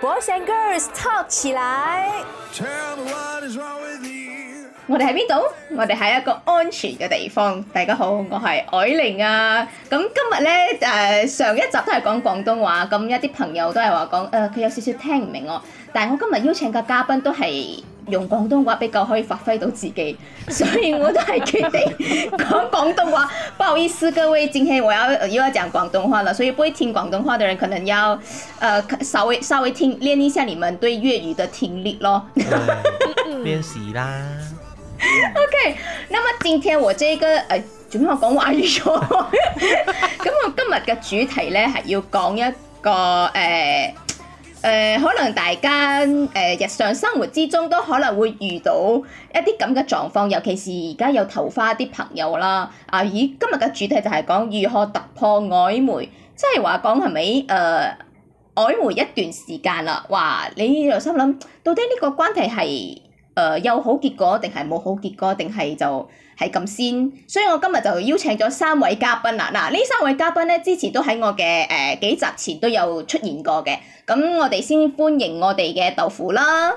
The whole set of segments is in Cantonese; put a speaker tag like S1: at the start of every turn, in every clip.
S1: Boys and Girls，talk 起來。我哋喺邊度？我哋喺一個安全嘅地方。大家好，我係藹羚啊。咁今日咧，誒、呃，上一集都係講廣東話，咁一啲朋友都係話講，誒、呃，佢有少少聽唔明我。但係我今日邀請嘅嘉賓都係。用廣東話比較可以發揮到自己，所以我都係決定講廣東話。不好意思，各位，今天我要、呃、又要講廣東話了，所以不會聽廣東話的人可能要，呃、稍微稍微聽練一下你們對粵語的聽力咯。
S2: 練習啦。
S1: OK，那麼今天我這個誒準備好講華語咗？咁我今日嘅主題咧係要講一個誒。呃誒、呃、可能大家誒、呃、日常生活之中都可能會遇到一啲咁嘅狀況，尤其是而家有桃花啲朋友啦。啊，咦，今日嘅主題就係講如何突破曖昧，即係話講係咪誒曖昧一段時間啦？哇你又心諗到底呢個關係係誒、呃、有好結果，定係冇好結果，定係就？係咁先，所以我今日就邀請咗三位嘉賓啦。嗱，呢三位嘉賓咧，之前都喺我嘅誒幾集前都有出現過嘅。咁我哋先歡迎我哋嘅豆腐啦。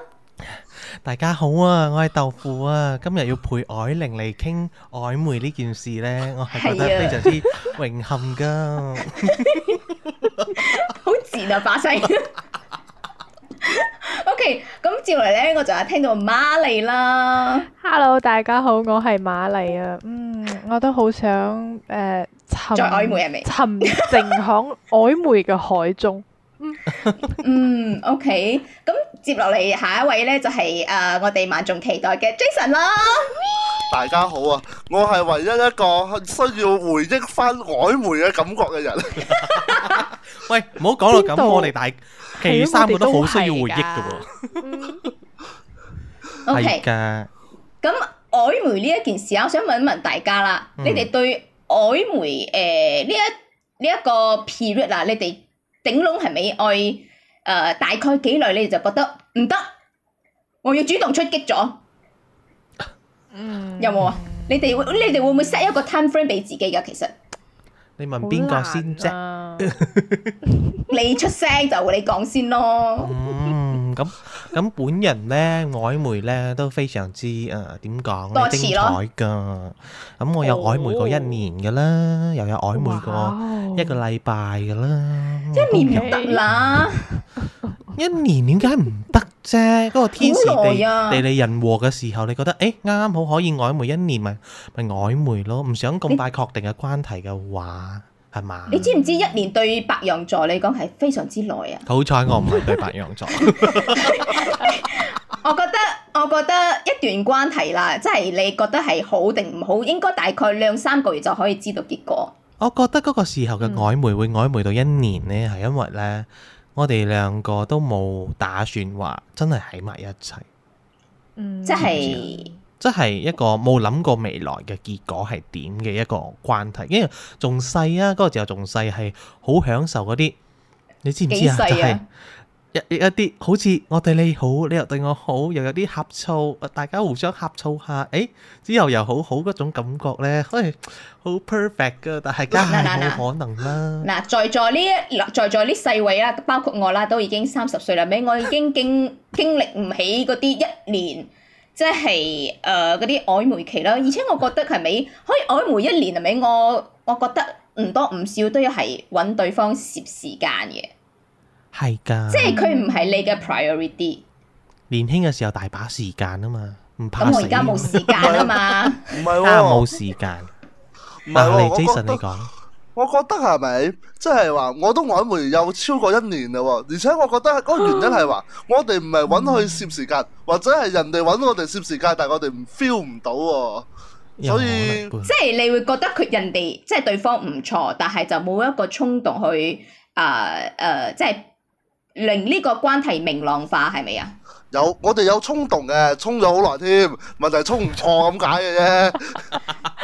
S2: 大家好啊，我係豆腐啊，今日要陪藹羚嚟傾曖昧呢件事咧，我係覺得非常之榮幸噶。
S1: 好賤啊！把聲。
S3: O K，咁接嚟咧，我就係聽到瑪麗啦。Hello，大家好，我係瑪麗啊。嗯，我都好想誒，沉在曖昧入面，沉靜響曖昧嘅海中。 嗯
S1: ，OK。咁接落嚟下一位咧，就係誒我哋萬眾期待嘅 Jason 啦。
S4: 大家好啊，我係唯一一個需要回憶翻曖昧嘅感覺嘅人嚟。
S2: 喂，唔好講到咁，我哋大，其他三個都好需要回憶噶。OK 噶。
S1: 咁曖昧呢一件事，我想問一問大家啦，你哋對曖昧誒呢一呢一個 period 啊，你哋？頂籠係咪愛、呃，大概幾耐你哋就覺得唔得，我要主動出擊咗。嗯、有冇啊？你哋會唔會 set 一個 time frame 俾自己噶？其實。
S2: 你問邊個先啫？
S1: 你出聲就你講先咯。嗯，
S2: 咁咁本人咧，曖昧咧都非常之誒點講？呃、精彩㗎。咁我有曖昧過一年㗎啦，oh，又有曖昧過一個禮拜㗎啦。
S1: 一年就得啦。
S2: 一年點解唔得啫？嗰個天時地地利人和嘅時候，你覺得誒啱啱好可以曖昧一年，咪咪曖昧咯？唔想咁快確定嘅關係嘅話，係嘛？你
S1: 知唔知一年對白羊座嚟講係非常之耐啊？
S2: 好彩我唔係對白羊座。
S1: 我覺得我覺得一段關係啦，即係你覺得係好定唔好，應該大概兩三個月就可以知道結果。我覺
S2: 得嗰個時候嘅曖昧會曖昧到一年咧，係因為咧。我哋兩個都冇打算話真係喺埋一齊，嗯，
S1: 即係即
S2: 係一個冇諗過未來嘅結果係點嘅一個關係，因為仲細啊，嗰個時候仲細係好享受嗰啲，你知唔知啊？就係一啲好似我對你好，你又對我好，又有啲呷醋，大家互相呷醋下，誒之後又好好嗰種感覺咧，可以好 perfect 噶，但係根本冇可能啦。
S1: 嗱、啊啊啊啊，在座呢，在座呢四位啦，包括我啦，都已經三十歲啦，咪我已經經經歷唔起嗰啲一年， 即係誒嗰啲曖昧期啦。而且我覺得係咪、啊、可以曖昧一年？係咪我我覺得唔多唔少都要係揾對方攝時間嘅。
S2: 係噶即係佢唔
S1: 係你嘅 priority。
S2: 年輕嘅時候大把時間啊嘛，唔怕。咁我而家冇
S1: 時間啊嘛，
S2: 唔係，我冇、 啊、時間。
S1: 唔係、啊、Jason 你
S2: 講，
S4: 我覺得係咪，即係話我都挽回有超過一年嘞，而且我覺得個原因係話，我哋唔係搵佢攝時間，或者係人哋搵我哋攝時間，但係我哋唔 feel 唔到、啊，
S1: 所以即係你會覺得佢人哋即係對方唔錯，但係就冇一個衝動去誒誒、呃呃呃呃，即係。令呢個關係明朗化係咪啊？
S4: 有，我哋有衝動嘅，衝咗好耐添。問題係衝唔錯咁解嘅啫。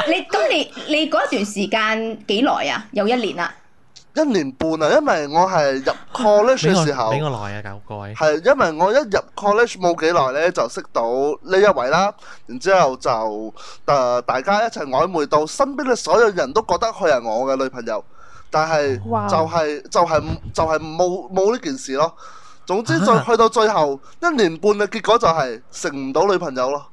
S4: 你
S1: 咁你你嗰段時間幾耐啊？有一年啦，
S4: 一年半啊，因為我係入 college 嘅時候，俾我耐
S2: 啊，九哥。
S4: 係，因為我一入 college 冇幾耐咧，就識到呢一位啦。然之後就誒，大家一齊曖昧到身邊嘅所有人都覺得佢係我嘅女朋友。但係就係、是、Wow. 就係、是、就係冇冇呢件事咯。總之最去到最後一年半嘅結果就係成唔到女朋友咯。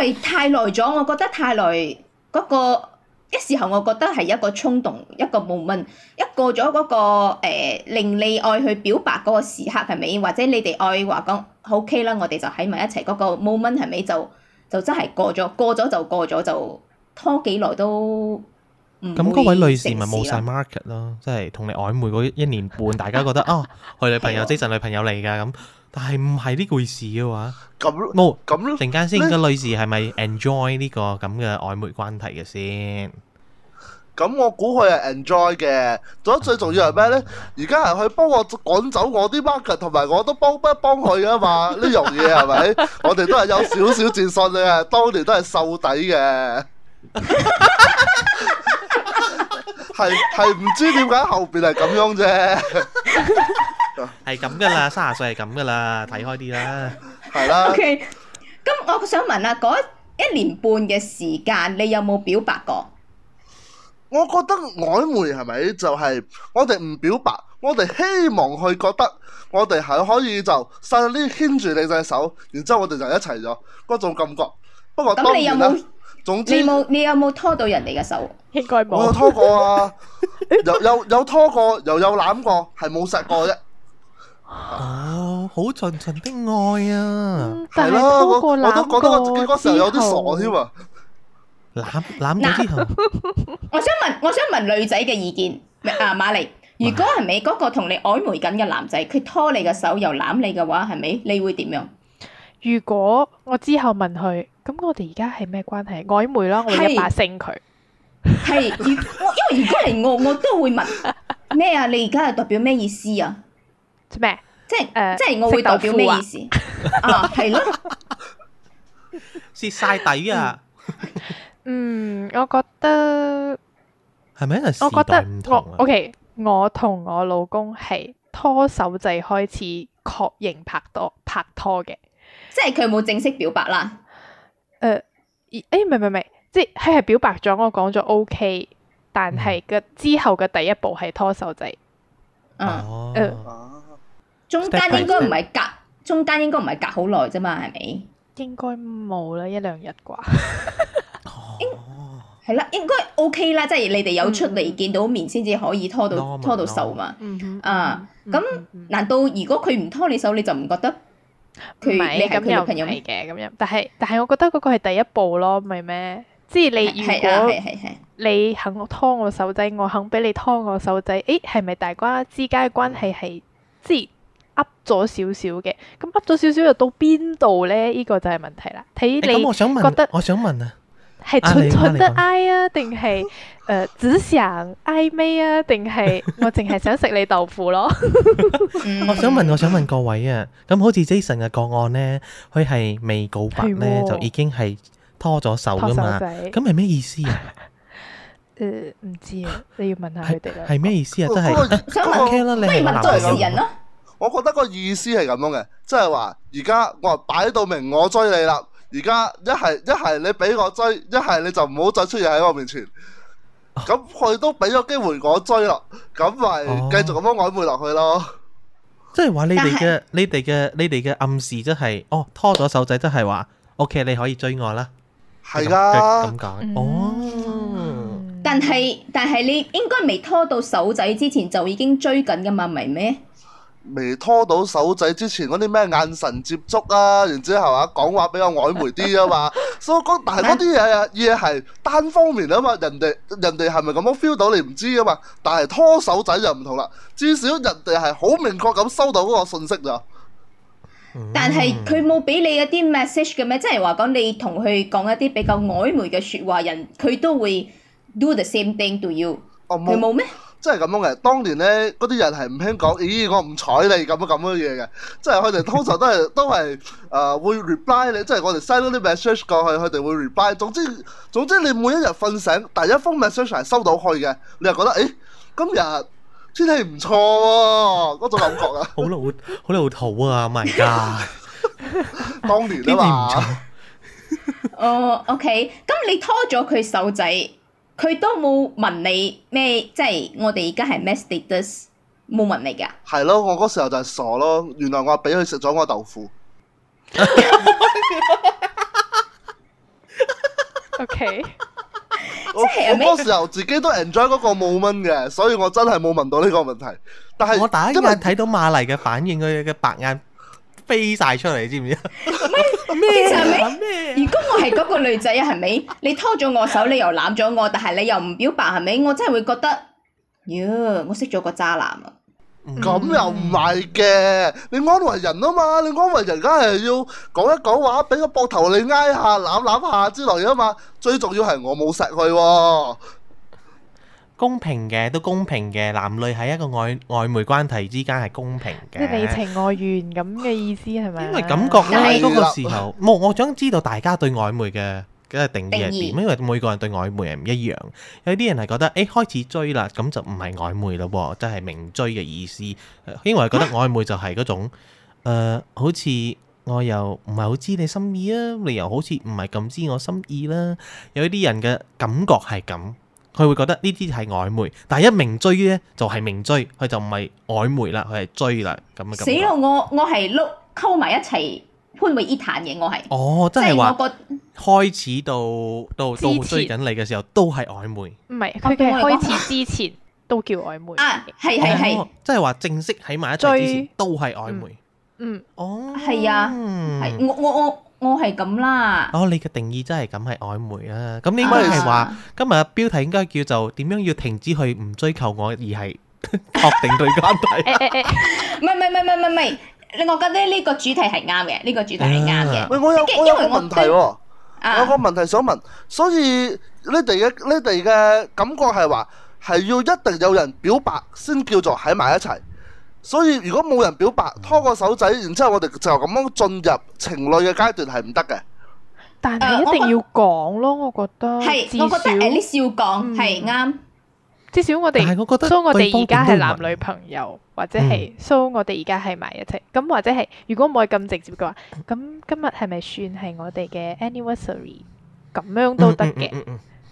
S1: 因為太耐咗，我覺得太耐嗰、那個一時候，我覺得係一個衝動，一個 moment，一過咗嗰個誒、那個呃、令你愛去表白嗰個時刻係咪？或者你哋愛話講 OK 啦，我哋就喺埋一齊嗰、那個 moment 係咪？就就真係過咗，過咗就過咗，就拖幾耐都。咁嗰位女士咪冇晒
S2: market 咯，即係同你曖昧嗰一年半，大家覺得啊，佢女朋友、即 Jason 女朋友嚟㗎，咁但係唔係呢個回事嘅話，咁冇咁陣間先，個、嗯、女士係咪 enjoy 呢個咁嘅曖昧關係嘅先？咁 我估佢係
S4: enjoy 嘅，仲最重要係咩呢？而家係佢幫我趕走我啲 market，同埋我都幫不幫佢啊嘛？呢樣嘢係咪？我哋都係有少少自信嘅，當年都係瘦底嘅。 係係唔知面 點解後邊係咁樣啫，
S2: 係咁噶啦，卅歲係咁噶啦，睇開啲啦，
S1: 係啦。OK。咁，我想問啊，嗰一年半嘅時間，你有冇表白過？我覺得曖
S4: 昧係咪？就係、是、我哋唔表白，我哋希望去覺得我哋係可以就細啲牽住你隻手，然之後我哋就一齊咗嗰種感覺。不過咁，你有冇？
S1: 你冇，你有冇拖到人哋嘅手？應該冇。我有拖
S4: 過啊，有有有拖過，又有攬過，係冇實過啫。哦，
S2: 好純純的愛啊！係咯，我都覺得我嗰時候有啲傻添啊。攬攬過之後，
S1: 我想問，我想問女仔嘅意見。啊，瑪麗，如果係咪嗰個同你曖昧緊嘅男仔，佢拖你嘅手又攬你嘅話，係咪你
S3: 會點樣？如果我之後問佢？咁我哋而家係咩關係？曖昧啦，我一把聲佢係，而 因為如果係我，我都會問咩啊？你而家係代表咩意思啊麼？即咩？即誒，即我會代表咩意思？ 啊，係咯，
S2: 蝕晒底啊！
S3: 嗯，我覺得係咪我覺得唔同 O K，我同、okay，我，我老公係拖手仔開始確認拍拖，拍拖嘅，即係佢冇正式表白啦。誒，而誒，唔係唔係，即係佢係表白咗，我講咗 OK，但係嘅之後嘅第一步係拖手仔，嗯，哦，中間應該唔係隔，中間應該唔係隔好耐啫嘛，係咪？應該冇啦，一兩日
S1: 啩，應係啦，應該 OK 啦，即係你哋有出嚟見到面先至可以拖到拖到手嘛，嗯，咁難道如果佢唔拖
S3: 你手，你就唔覺得？唔你咁又唔係嘅，咁樣，但係但係，我覺得嗰個係第一步咯，唔咩？即、就、係、是、你如果你肯拖我手仔，我肯俾你拖我手仔，誒、哎，係咪大之家之間嘅關係係即係噏咗少少嘅？咁噏咗少少又到邊度咧？呢、這個就係問題啦。睇你覺得、嗯嗯我想
S2: 問，我想問啊。.
S3: 係純粹的 I 啊，定係誒只想曖昧啊，定係我淨係想食你豆腐咯？
S2: 我想問，我想問各位啊，咁好似 Jason 嘅個案咧，佢係未告白咧，就已經係拖咗手噶嘛？
S3: 咁係咩意思啊？誒，唔知啊，你要問下佢哋啦。係咩意思啊？即係想問啦，你不如問在案人咯。我覺得個意
S4: 思係咁樣嘅，即係話而家我擺到明，我追你啦。而家一係一係你俾我追，一係你就唔好再出現喺我面前。咁佢都俾咗機會我追啦，咁咪繼續咁樣曖昧落去咯。
S2: 哦、即係話你哋嘅是、你哋嘅、你哋嘅暗示即、就、係、是，哦拖咗手仔即係話，O K 你可以追我啦。
S4: 係啦的，咁講、嗯、哦但。
S1: 但係但係你應該未拖到手仔之前就已經追緊噶嘛，咪咩？
S4: 未拖到手仔之前嗰啲咩眼神接觸啊，然之後啊講話比較曖昧啲啊嘛，所以講但係嗰啲嘢嘢係單方面啊嘛，人哋人哋係咪咁樣 feel 到你唔知啊嘛，但係拖手仔就唔同啦，至少人哋係好明確咁收到嗰個信息啊。
S1: 但係佢冇俾你一啲 message 嘅咩？即係話講你同佢講一啲比較曖昧嘅說話，人佢都會 do the same thing to you，、哦、佢
S4: 冇咩？ 真係咁樣嘅，當年咧嗰啲人係唔興講，咦我唔睬你咁樣咁樣嘢嘅，即係佢哋通常都係都係誒會 reply 你，即係我哋 send 咗啲 message 過去，佢哋會 reply。總之總之你每一日瞓醒，第一封 message 係收到去嘅，你又覺得誒今日天氣唔錯，嗰種感覺啊！好
S2: 老好老土啊，My God 當年啊嘛，
S1: 哦 OK，咁你拖咗佢手仔。佢都冇問你咩，即係我哋而家係咩 status 冇問你噶。
S4: 係咯，我嗰時候就係傻咯，原來我俾佢食咗我豆腐。O K，
S3: 即我 我嗰時候
S4: 自己都 enjoy 嗰個 moment 嘅，所以我真係冇問到呢個問題。
S2: 但係我第一眼睇因為 到馬麗嘅反應，佢嘅白眼。飛晒出嚟，你知唔知咩？
S1: 咩麼？咩？ 如果我係嗰個女仔，係咪 你拖咗我手，你又攬咗我，但係你又唔表白，係咪？我真係會覺得，喲、yeah,，我識咗個渣男啊！
S4: 咁、嗯、又唔係嘅，你安慰人啊嘛，你安慰人梗係要講一講話，俾個膊頭你挨下，攬攬下之類啊嘛。最重要係我冇錫佢。
S2: 公平嘅都公平嘅，男女喺一個曖曖昧關係之間係公平嘅，即係你情
S3: 我願咁嘅意思係咪？因為感覺咧嗰個時候，
S2: 冇我想知道大家對曖昧嘅嘅定義係點，因為每個人對曖昧係唔一樣。有啲人係覺得誒，開始追啦，咁就唔係曖昧咯，即係明追嘅意思。因為覺得曖昧就係嗰種誒，好似我又唔係好知你心意啊，你又好似唔係咁知我心意啦。有啲人嘅感覺係咁。佢會覺得呢啲係曖昧，但係一明追咧就係、是、明追，佢就唔係曖昧啦，佢係追啦，咁嘅感覺。死
S1: 咯！我我係碌溝埋一齊潘美伊坦嘅，我係。
S2: 我哦，即係話開始到到到追緊你嘅時候都係曖昧。
S3: 唔係佢哋開始之前都叫曖昧。 啊，係係係，
S2: 即係話正式喺埋一齊之前對都係曖昧。
S1: 嗯，哦、嗯，係、oh, 啊，係我我。我我我係
S2: 咁啦。哦，你嘅定義真係咁係曖昧啊！咁你應該係話，啊、今日標題應該叫做點樣要停止去唔追求我，而係確定對關係。
S1: 唔係唔係唔係唔係唔係，我覺得呢個主題係啱嘅，呢、呢個主題係啱嘅。喂、欸欸欸，我有我有，我我有個問題喎，有個
S4: 問題想問，所以你哋嘅你哋嘅感覺係話，係要一定要有人表白先叫做喺埋一齊。所以如果冇人表白，拖個手仔，然之後我哋就咁樣進入情侶嘅階段，係唔得嘅。
S3: 但係一定要講咯，我覺得係，我覺得誒呢次要講係啱。至少我哋，我覺得，所以我哋而家係男女朋友，或者係，所以我哋而家係埋一齊。咁或者係，如果唔係咁直接嘅話，咁今日係咪算係我哋嘅 anniversary？咁樣都得嘅，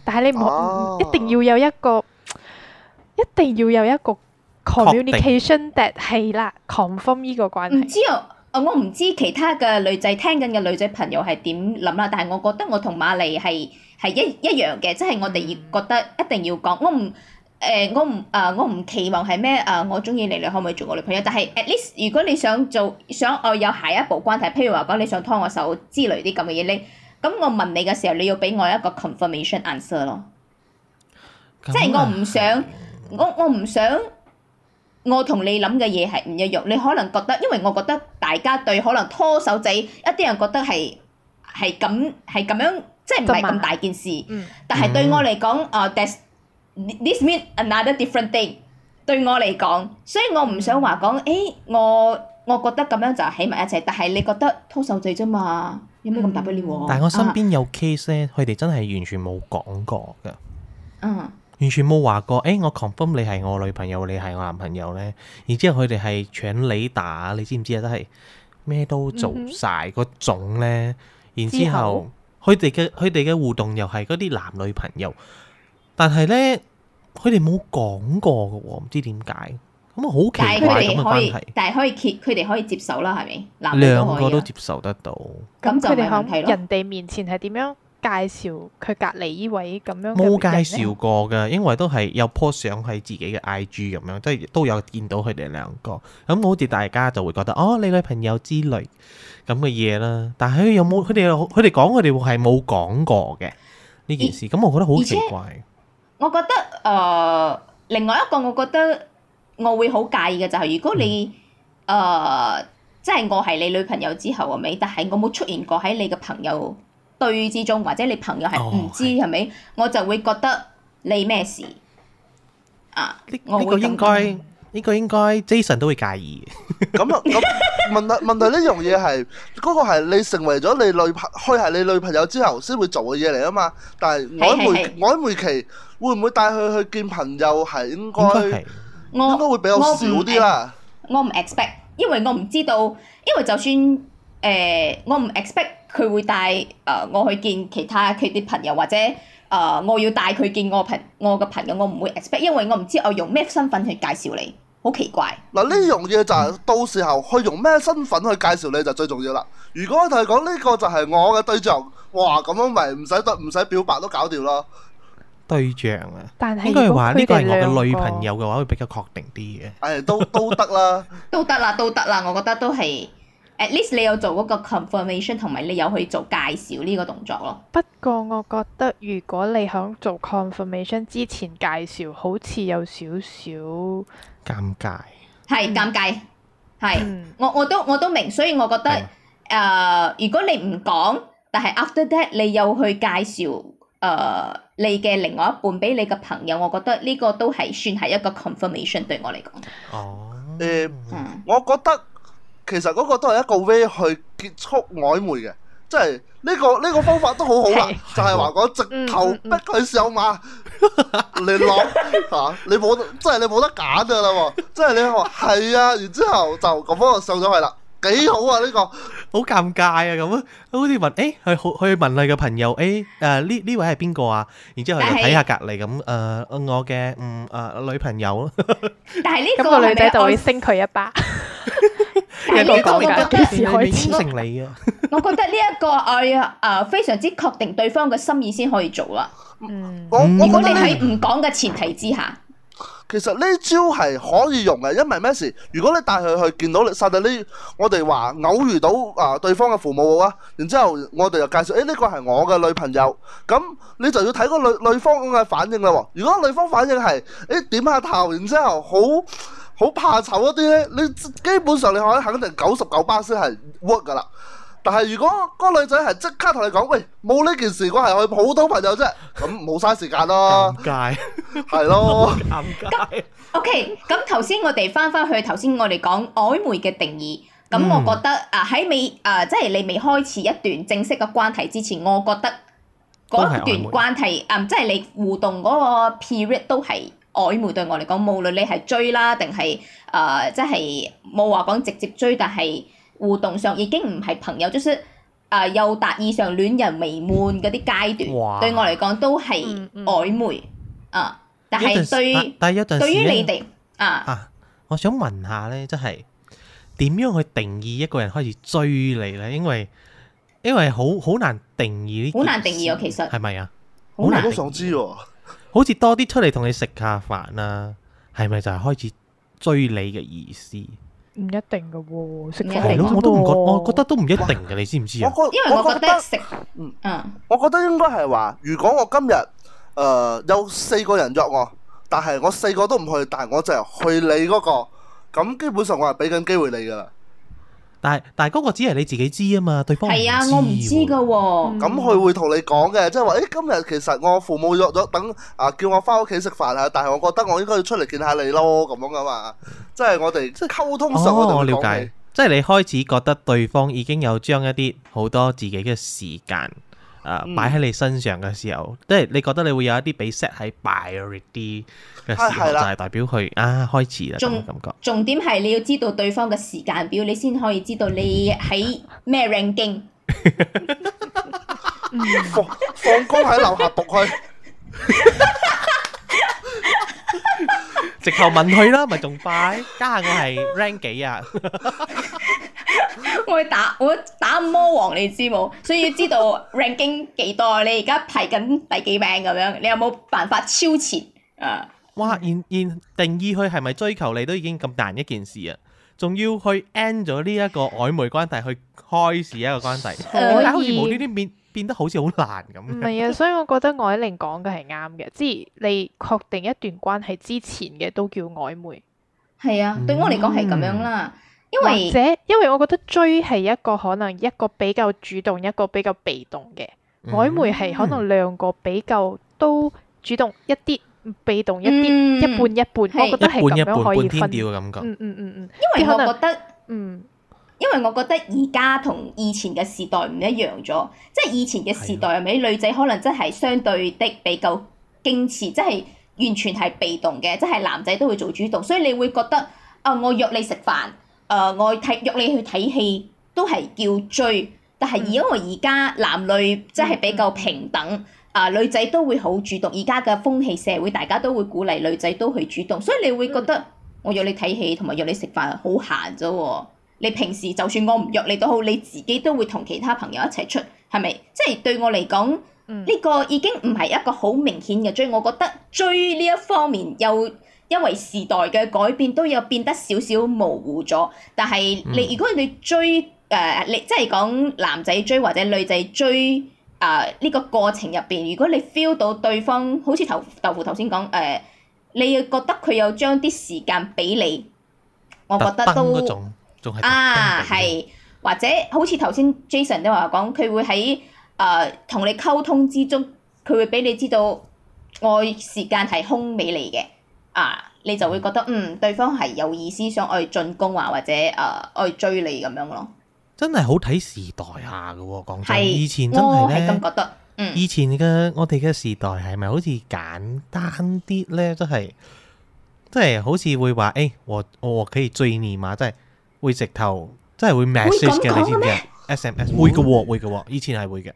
S3: 但係你唔好一定要有一個，一定要有一個。communication，係啦，right，confirm 呢個關係。
S1: 唔知啊，我唔知其他嘅女仔聽緊嘅女仔朋友係點諗啦。但係我覺得我同瑪麗係係一一樣嘅，即係我哋要覺得一定要講。我唔誒、呃，我唔誒、呃，我唔、呃、期望係咩誒。我中意你，你可唔可以做我女朋友？但係 at least，如果你想做想我有下一步關係，譬如話講你想拖我手之類啲咁嘅嘢，呢咁我問你嘅時候，你要俾我一個 confirmation answer 咯。咁樣
S3: 啊，即係我唔
S1: 想，我我唔想。我同你諗嘅嘢係唔一樣，你可能覺得，因為我覺得大家對可能拖手仔，一啲人覺得係係咁係咁樣，即係唔係咁大件事。但係對我嚟講，啊，that's this means another different thing。對我嚟講，所以我唔想話講，誒，我我覺得咁樣就喺埋一齊，但係你覺得拖手仔咋嘛？有咩咁大不了？但係我身邊
S2: 有 case 咧，佢哋真係完全冇講過㗎。嗯。完全冇話過，誒、哎，我 confirm 你係我女朋友，你係我男朋友咧。然之後佢哋係搶你打，你知唔知啊？都係咩都做晒個、嗯、哼種咧。然後之後佢哋嘅，佢哋嘅互動又係嗰啲男女朋友，但係咧佢哋冇講過嘅，唔知點解咁啊，好奇怪咁嘅關係。但係可以佢哋可，可，
S1: 可以接受啦，
S3: 係咪？兩、啊、個都
S2: 接受得到。
S3: 咁佢哋響人哋面前係點樣？介紹佢隔籬依位咁樣，冇介紹
S2: 過㗎，因為都係有 po 相喺自己嘅 IG 咁樣，即係都有見到佢哋兩個。咁好似大家就會覺得哦，你女朋友之類咁嘅嘢啦。但係有冇佢哋？佢哋講佢哋係冇講過嘅呢件事。咁我覺得好奇怪。
S1: 我覺得誒，另外一個我覺得我會好介意嘅就係，如果你誒，即係我係你女朋友之後係咪？但係我冇出現過喺你嘅朋友。對之中，或者你朋友係唔知係咪，哦，我就會覺得你咩事
S2: 啊？呢呢這個應該呢個應該 Jason 都會介意嘅。 咁啊咁問
S4: 題問題呢樣嘢係嗰個係你成為咗你女朋，佢係 你女朋友之後先會做嘅嘢嚟,啊嘛。但係曖昧曖昧期會唔會帶佢去見朋友係應該
S1: 應該會比較少啲啦。我唔 expect，因為我唔知，知道，因為就算。誒、呃，我唔 expect 佢會帶誒、呃、我去見其他佢啲朋友，或者誒、呃、我要帶佢見我朋我嘅朋友，我唔會 expect，因為我唔知我用咩身份去介紹你，好奇怪。
S4: 嗱，呢樣嘢就係到時候去用咩身份去介紹你就最重要啦。嗯、如果同你講呢個就係我嘅對象，哇咁樣咪唔使得唔使表白都搞掂咯。
S2: 對象啊，但應該話呢個係我嘅女朋友嘅話，會比較確定啲
S1: 嘅。誒，都都得啦，都得啦， 都得啦，我覺得都係。At least 你有做嗰個 confirmation，同埋你有去做介紹呢個動作咯。不
S3: 過我覺得如果你喺做 confirmation 之前介紹，好似有少少尷尬。係尷尬。係、嗯，我我都我都
S1: 明，所以我覺得誒，嗯 uh, 如果你唔講，但係 after that 你有去介紹誒、uh, 你嘅另外一半俾你嘅朋友，我覺得呢個都係算係一個 confirmation 對我嚟講。
S4: 哦，um, 嗯、我覺得。其實嗰個都係一個 way 去結束曖昧嘅，即係
S1: 呢、這個呢、這個方法都好好、啊、啦，
S4: 就係話我直頭逼佢上嘛， 你落吓、啊，你冇即係你冇得揀嘅啦，即係你話係啊，然之後就咁樣上咗去啦，幾
S2: 好啊呢、這個，好尷尬啊咁、欸欸、啊，好似問誒去去問佢嘅朋友誒誒呢呢位係邊個啊？然之後睇下隔籬咁誒我嘅嗯誒女朋友
S3: 咯， 但係呢個女仔就會升佢一巴。呢一 個我覺得
S1: 可以完成你啊？我覺得呢一個我啊非常之確定對方嘅心意先可以做啦。嗯，我我覺得喺唔講嘅前提之下，
S4: 其實呢招係可以用嘅，因為咩事？如果你帶佢去見到你，甚至呢，我哋話偶遇到啊對方嘅父母啊，然之後我哋又介紹，誒、哎、呢、呢個係我嘅女朋友，咁你就要睇個女女方咁嘅反應啦。如果女方反應係誒、哎、點下頭，然之後好。好怕醜嗰啲咧，你基本上你可以肯定九十九巴先係 work 噶啦。但係如果嗰個女仔係即刻同你講，喂，冇呢件事，我係我普通朋友啫，咁冇嘥時間咯。 尷尬，係 是咯。 尷、okay,
S1: 尬。O K，咁頭先我哋翻翻去頭先我哋講曖昧嘅定義，
S3: 咁我覺
S1: 得啊喺、嗯、未啊，即、呃、係、就是、你未開始一段正式嘅關係之前，我覺得
S3: 嗰段關
S1: 係啊，即係、嗯就是、你互動嗰個 period 都係。曖昧對我嚟講，無論你係追啦，定係誒，即係冇話講直接追，但係互動上已經唔係朋友，即係誒又達意上戀人未滿嗰啲階段，哇對我嚟講都係曖昧、嗯嗯、啊！但係對，但係有陣對於你哋啊
S2: 啊，我想問下咧，即係點樣去定義一個人開始追你咧？因為因為好好難定義，好難定義啊！其實係咪啊？好難都想知喎～好似多啲出嚟同你食下飯啦，係咪就係開始追你嘅意思？
S3: 唔一定噶喎、哦，食飯係咯，我都唔
S2: 覺得，我覺得都唔一定嘅，哇你知唔知啊？我覺，
S3: 因為我覺得食，嗯，我覺得應該
S4: 係話，如果我今日誒、呃、有四個人約我，但係我四個都唔去，但係我就係去你嗰、那個，咁基本上我係俾緊機會你噶啦。
S2: 但係但係嗰個只係你自己知啊嘛，對方唔知。係啊，我唔知噶喎、哦。
S4: 咁佢會同你講嘅， 嗯、 即係話，誒，今日其實我父母約咗等，啊，叫我翻屋企食飯啊，但係我覺得我應該要出嚟見下你咯，咁樣噶嘛，即係我哋溝通上我，、哦、我了解，
S2: 即係你開始覺得對方已經有將一啲好多自己嘅時間。啊！擺喺你身上嘅時候，即係你覺得你會有一啲比 set 喺 buy 啲嘅時候，就係代表佢啊開始啦。重感覺
S1: 重點係你要知道對方嘅時間表，你先可以知道你喺咩 ranking？放
S4: 放工喺樓下讀
S2: 去，直頭問佢啦，咪仲快？
S1: 家下我係 ranking 幾啊？ 我去打我打魔王，你知冇？所以要知道 ranking 幾多，你而家排緊第幾名咁樣？你有冇辦法超前？
S2: 誒、uh,，哇！然然定義佢係咪追求你都已經咁難一件事啊？仲要去 end 咗呢一個曖昧關係去開始一個關係，點解可以、呃、無端端變變得好似好難咁？唔係啊，
S3: 所以我覺得藹羚講嘅係啱嘅，即係你確定一段關係之前嘅都叫曖昧。係啊，對我嚟講係咁樣啦。嗯 因為或者，因為我覺得追係一個可能一個比較主動，一個比較被動嘅。嗯、曖昧係可能兩個比較都主動，嗯、都主動一啲，被動一啲，一半一半。是我覺得係咁樣可以分。一半一半，半天吊嘅感覺。嗯
S1: 嗯嗯，因為我覺得，嗯，
S3: 因為
S1: 我覺得而家同以前嘅時代唔一樣咗，即、就、係、是、以前嘅時代係咪的女仔可能真係相對的比較矜持，即係的完全係被動嘅，即、就、係、是、男仔都會做主動，所以你會覺得啊、呃，我約你食飯。誒、呃，我睇約你去睇戲都係叫追，但係而因為我而家男女即係比較平等，啊、呃、女仔都會好主動，而家嘅風氣社會，大家都會鼓勵女仔都去主動，所以你會覺得我約你睇戲同埋約你食飯好閒啫喎，你平時就算我唔約你都好，你自己都會同其他朋友一齊出，係咪？即、就、係、是、對我嚟講，呢、這個已經唔係一個好明顯嘅，追。我覺得追呢一方面又。因為時代嘅改變都有變得少少模糊咗，但係你如果你追誒、嗯呃，你即係講男仔追或者女仔追啊呢、呃這個過程入邊，如果你 feel 到對方好似頭豆腐頭先講誒，你覺得佢有將啲時間俾你，我覺得都啊係，或者好似頭先 Jason 都話講，佢會喺誒同你溝通之中，佢會俾你知道我時間係空俾你嘅。你就會覺得嗯，嗯，對方係有意思，想愛進攻啊，或者誒愛、呃、追你咁樣咯。
S2: 真係好睇時代下嘅、啊，講真，是以前真係咧，咁覺
S1: 得，嗯、以
S2: 前嘅我哋嘅時代係咪好似簡單啲咧？真係，真係好似會話誒、欸，我我可以追你嘛？真係會直頭，真係會 message 嘅，你知唔知、嗯、啊？SMS 會嘅喎，會嘅喎、啊，以前係會嘅、啊。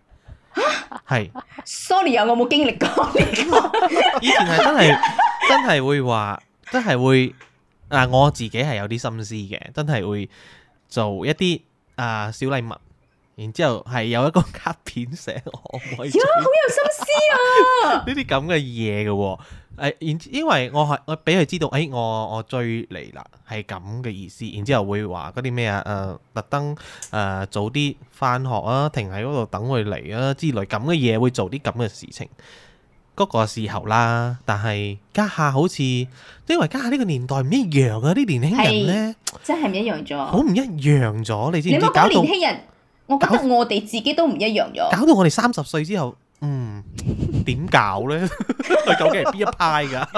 S2: 係哈
S1: 是，sorry 啊，我冇經歷過。
S2: 以前係真係真係會話，真係會，會，啊，我自己係有啲心思嘅，真係會做一啲啊小禮物。然之後係有一個卡片寫我，呀好有
S1: 心思啊！
S2: 呢啲咁嘅嘢嘅，誒然之因為我係我俾佢知道，誒我我追嚟啦，係咁嘅意思。然之後會話嗰啲咩啊，誒特登誒早啲返學啊，停喺嗰度等佢嚟啊之類咁嘅嘢，會做啲咁嘅事情嗰個時候啦。但係家下好似因為家下呢個年代唔一樣啊，啲年輕人咧
S1: 真係唔一樣咗，好唔
S2: 一樣咗，你知唔知搞到年輕
S1: 人？我覺得我哋自己都唔一樣咗，搞
S2: 到我哋三十歲之後，嗯，點搞咧？佢究竟係邊一派噶？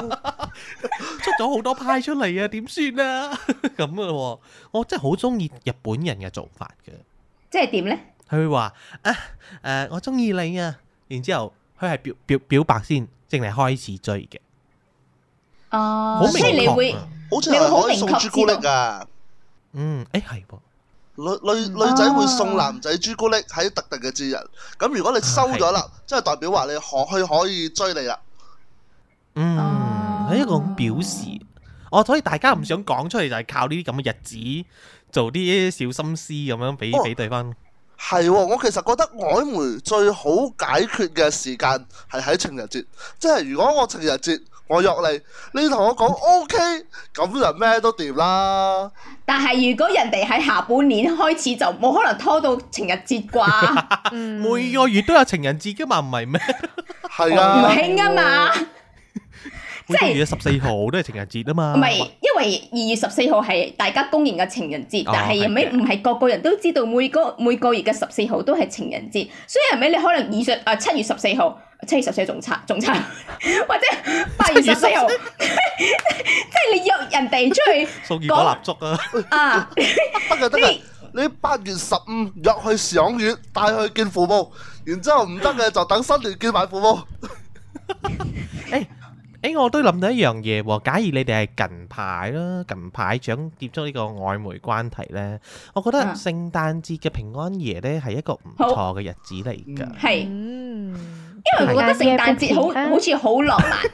S1: 出咗
S2: 好多派出嚟 啊，點算啊？咁咯，我真係好中意日本人嘅做法嘅，
S1: 即係點咧？
S2: 佢會話啊，誒、呃，我中意你啊，然之後佢係表表表白先，正係開始追嘅。
S1: 哦、啊，好明啊、所以
S2: 你會，你好明，會送朱古力噶？嗯，誒、
S4: 欸，係喎。女女女仔會送男仔朱古力喺特定嘅節日，咁如果你收咗啦，的即係代表話你可去可以追你啦。嗯，
S2: 係、哎、一個，個表示哦，所以大家唔想講出嚟，就係靠呢啲咁嘅日子做啲小心思咁樣俾俾對方。
S4: 係、哦、我其實覺得曖昧最好解決嘅時間係喺情人節，即係如果我情人節。我約你，你同我講 O K，
S1: 咁就咩都掂啦。但係如果人哋喺下半年開始就冇可能拖到情人節啩？
S2: 每個月都有情人節噶嘛唔係咩？係啊，唔慶
S1: 啊嘛，即係十
S2: 四號都係情人節啊
S3: 嘛。唔係，
S1: 因為二月十四號係大家公認嘅情人節，哦、但係後尾唔係個個人都知道每個每個月嘅十四號都係情人節，的所以後尾你可能二月啊七月十四號。七月十四仲差仲差，或者八月十四號，即係你約人哋出
S2: 去掃過蠟燭啊。啊，
S1: 得嘅，得嘅， 你八
S4: 月十五入去賞月，帶去見父母，然之後唔得嘅就等新年見
S2: 埋父母。誒 誒、 欸欸，我都諗到一樣嘢喎。假如你哋係近排啦，近排想接觸呢個曖昧關係咧，我覺得聖誕節嘅平安夜咧係一個唔錯嘅日子嚟噶。
S1: 係。嗯因為我覺得聖誕節好好似好浪漫，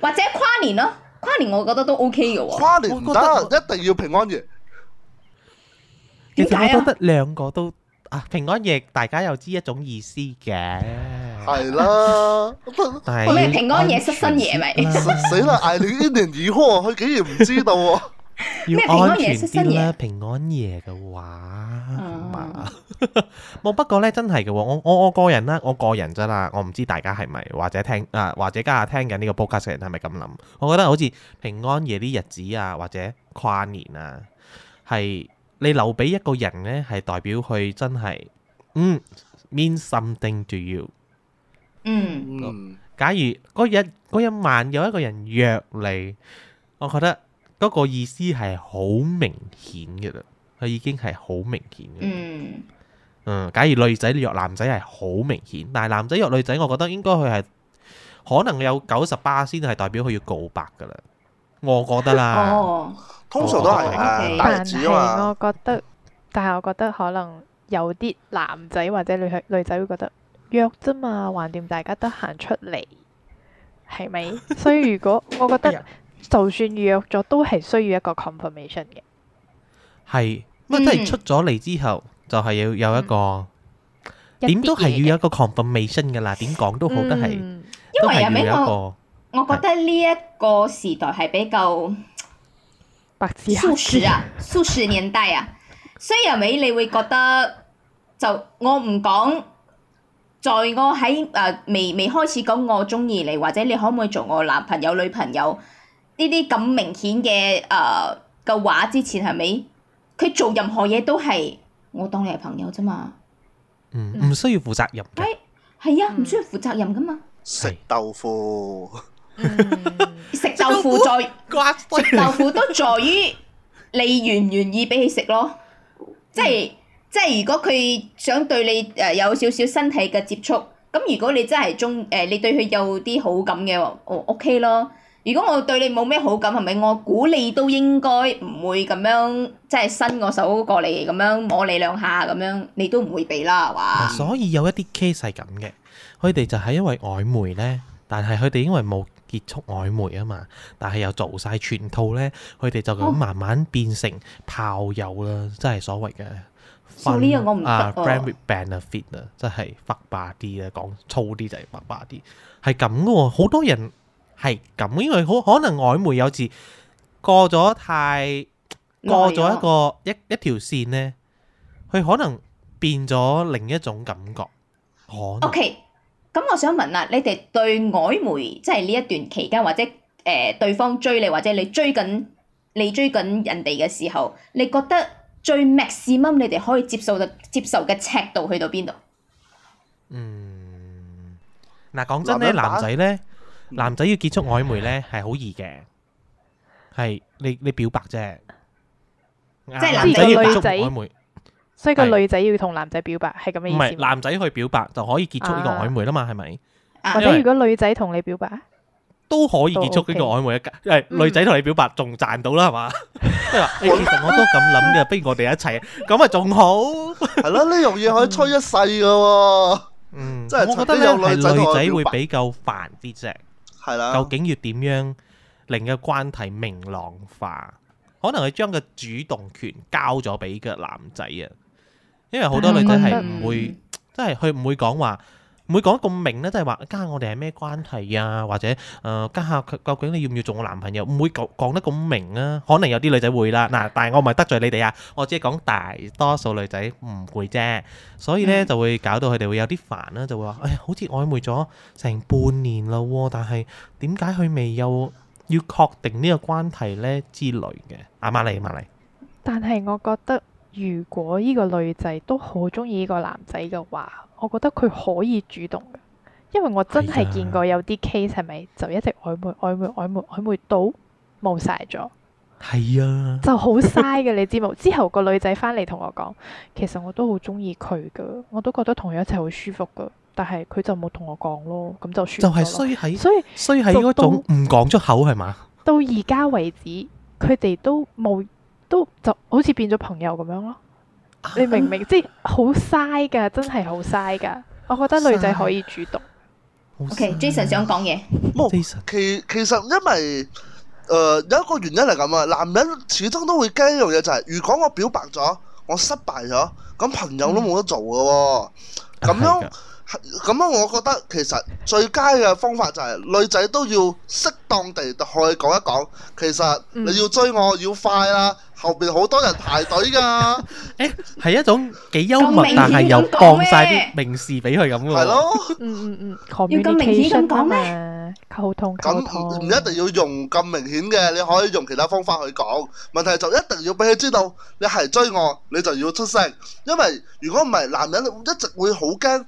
S1: 或者跨年咯，跨年我覺得都 O K 嘅喎。跨年我覺得，一
S4: 定要平安夜。
S2: 其實我覺得兩個都啊，平安夜大家又知一種意思嘅，係啦。係
S4: 咩？平安夜、
S1: 失身夜咪？
S4: 死啦！藹羚呢年疑惑，佢竟然唔知道。要安全啲啦，
S2: 平安夜嘅話，冇不過咧，真係嘅。我我我個人啦，我個人咋啦，我唔知大家係咪或者聽啊，或者家下聽緊呢個 podcast 人係咪咁諗？我覺得好似平安夜啲日子啊，或者跨年啊，係你留俾一個人咧，係代表佢真係，嗯，mean something to you。嗯嗯，假如嗰一嗰一晚有一個人約你，我覺得。嗰個意思係好明顯嘅啦，佢已經係好明顯嘅。嗯嗯，假如女仔約男仔係好明顯，但係男仔約女仔，我覺得應該佢係可能有九十八先係代表佢要告白噶啦。我覺得啦，哦哦、
S3: 通
S4: 常都係，哦 okay。但係我
S3: 覺得，但係我覺得可能有啲男仔或者女女仔會覺得約啫嘛，橫掂大家都行出嚟，係咪？ 所以如果我覺得。 哎就算預約咗都係需要一個 confirmation 嘅，
S2: 係，咁即係出咗嚟之後，嗯、就係要有一個，
S3: 點、嗯、都係
S2: 要有一個 confirmation 噶啦。點講、嗯、都好都係，
S1: 因為有咩我，個我覺得呢一個時代係比較，是白紙黑字啊，數十年代啊，雖然 美你會覺得，就我唔講，在我喺誒未未開始講我中意你，或者你可唔可以做我男朋友女朋友？呢啲咁明顯嘅誒嘅話之前係咪佢做任何嘢都係我當你係朋友啫嘛？
S2: 嗯，唔需要負責任。係
S1: 係、嗯、啊，唔需要負責任噶嘛。
S2: 食豆腐，
S1: 食豆腐在，食豆腐都在於你願唔願意俾佢食咯。即係即係，如果佢想對你誒有少少身體嘅接觸，咁如果你真係中誒，你對佢有啲好感嘅話，哦 OK 咯。如果我對你冇咩好感，係咪？我估你都應該唔會咁樣，即係伸個手過嚟咁樣摸你兩下咁樣，你都唔會俾啦，係嘛？所
S2: 以有一啲 case 係咁嘅，佢哋就係因為曖昧咧，但係佢哋因為冇結束曖昧啊嘛，但係又做晒全套咧，佢哋就咁慢慢變成炮友啦，即係、哦、所謂
S3: 嘅啊
S2: benefit 啊，即係發爸啲咧，講粗啲就係發爸啲，係咁嘅好多人。係咁，因為好可能曖昧有次過咗太過咗一個一一條線咧，佢可能變咗另一種感覺。哦
S1: ，OK，咁我想問啦，你哋對曖昧即係呢一段期間，或者誒對方追你，或者你追緊你追緊人哋嘅時候，你覺得最 max 乜？你哋可以接受到接受嘅尺度去到邊度？嗯，
S2: 嗱，講真咧，你啲男仔咧。男仔要結束曖昧咧，係好易嘅，係你你表白啫，即
S3: 係男仔要結束曖昧，所以個女仔要同男仔表白，係咁嘅意思。唔係
S2: 男仔去表白就可以結束呢個曖昧啦嘛，係咪？
S3: 或者如果女仔同你表白，
S2: 都可以結束呢個曖昧嘅，因為女仔同你表白仲賺到啦，係嘛？即係話，其實我都咁諗嘅，不如我哋一齊，咁啊仲好，係
S4: 咯，呢樣嘢可以吹一世噶。嗯，
S2: 即係我覺得咧，有女仔會比較煩啲啫。究竟要點樣令個關係明朗化？可能佢將個主動權交咗俾個男仔啊，因為好多女仔係唔會，即係佢唔會講話。唔會講得咁明咧，即係話家下我哋係咩關係啊？或者誒，家下佢究竟你要唔要做我男朋友？唔會講講得咁明啊。可能有啲女仔會啦，嗱，但係我唔係得罪你哋啊，我只係講大多數女仔唔會啫，所以咧就會搞到佢哋會有啲煩啦，就會話哎呀，好似曖昧咗成半年咯，但係點解佢未有要確定呢個關係咧之類嘅。阿瑪麗，瑪麗。
S3: 但係我覺得，如果呢個女仔都好中意呢個男仔嘅話，我覺得佢可以主動嘅，因為我真係見過有啲 case 係咪就一直曖昧曖昧曖昧曖昧到冇晒咗，
S2: 係是啊就，
S3: 就好嘥嘅你知冇？ 之後個女仔翻嚟同我講，其實我都好中意佢噶，我都覺得同佢一齊好舒服噶，但係佢就冇同我講咯，咁就舒就係衰喺所以衰喺嗰種
S2: 唔講出口係嘛？
S3: 到而家為止，佢哋都冇都就好似變咗朋友咁樣咯。你明唔明、啊、即係好嘥噶，真係好嘥噶。我覺得女仔可以
S4: 主動。O、okay,
S3: K，Jason 想講嘢。
S4: 唔，其其實因為誒、呃、有一個原因係咁啊，男人始終都會驚一樣嘢就係、是，如果我表白咗，我失敗咗，咁朋友都冇得做噶。咁樣咁樣，嗯、樣我覺得其實最佳嘅方法就係、是，女仔都要適當地去講一講。其實你要追我要快啦。嗯後邊好多人排隊噶，誒、 欸，
S2: 係一種幾幽默，但係又講晒啲名士俾佢咁嘅。係咯，
S3: 嗯嗯 嗯，要咁明顯咁講咩？溝通溝通，唔一
S4: 定要用咁明顯嘅，你可以用其他方法去講。問題就一定要俾佢知道，你係追我，你就要出聲。因為如果唔係，男人一直會好驚，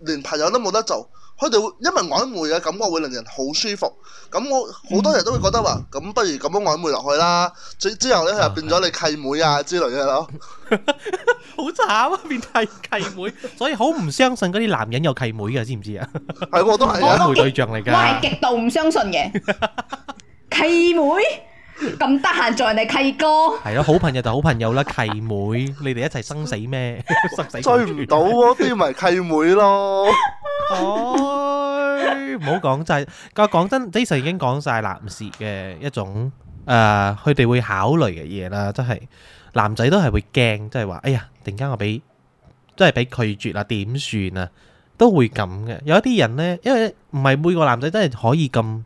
S4: 連朋友都冇得做。佢哋會因為曖昧嘅感覺會令人好舒服，咁我好多人都會覺得話，咁不如咁樣曖昧落去啦。之之後咧，佢又變咗你契妹啊之類嘅咯，
S2: 好慘啊變咗契妹， 所以好唔相信嗰啲男人有契妹嘅，知唔知 啊？係我都係曖昧對象嚟嘅。我係極，
S1: 極度唔相信嘅 契妹。咁得閒做人哋契哥，
S2: 係咯，好朋友就好朋友啦。契妹，你哋一齊生死咩？生死追唔到都要埋契妹咯。唉，唔好講就，但係講真，Jason 已經講晒男士嘅一種誒，佢哋會考慮嘅嘢啦。真係男仔都係會驚，即係話，哎呀，突然間我俾即係俾拒絕啦，點算啊？都會咁嘅。有一啲人呢，因為唔係每個男仔真係可以咁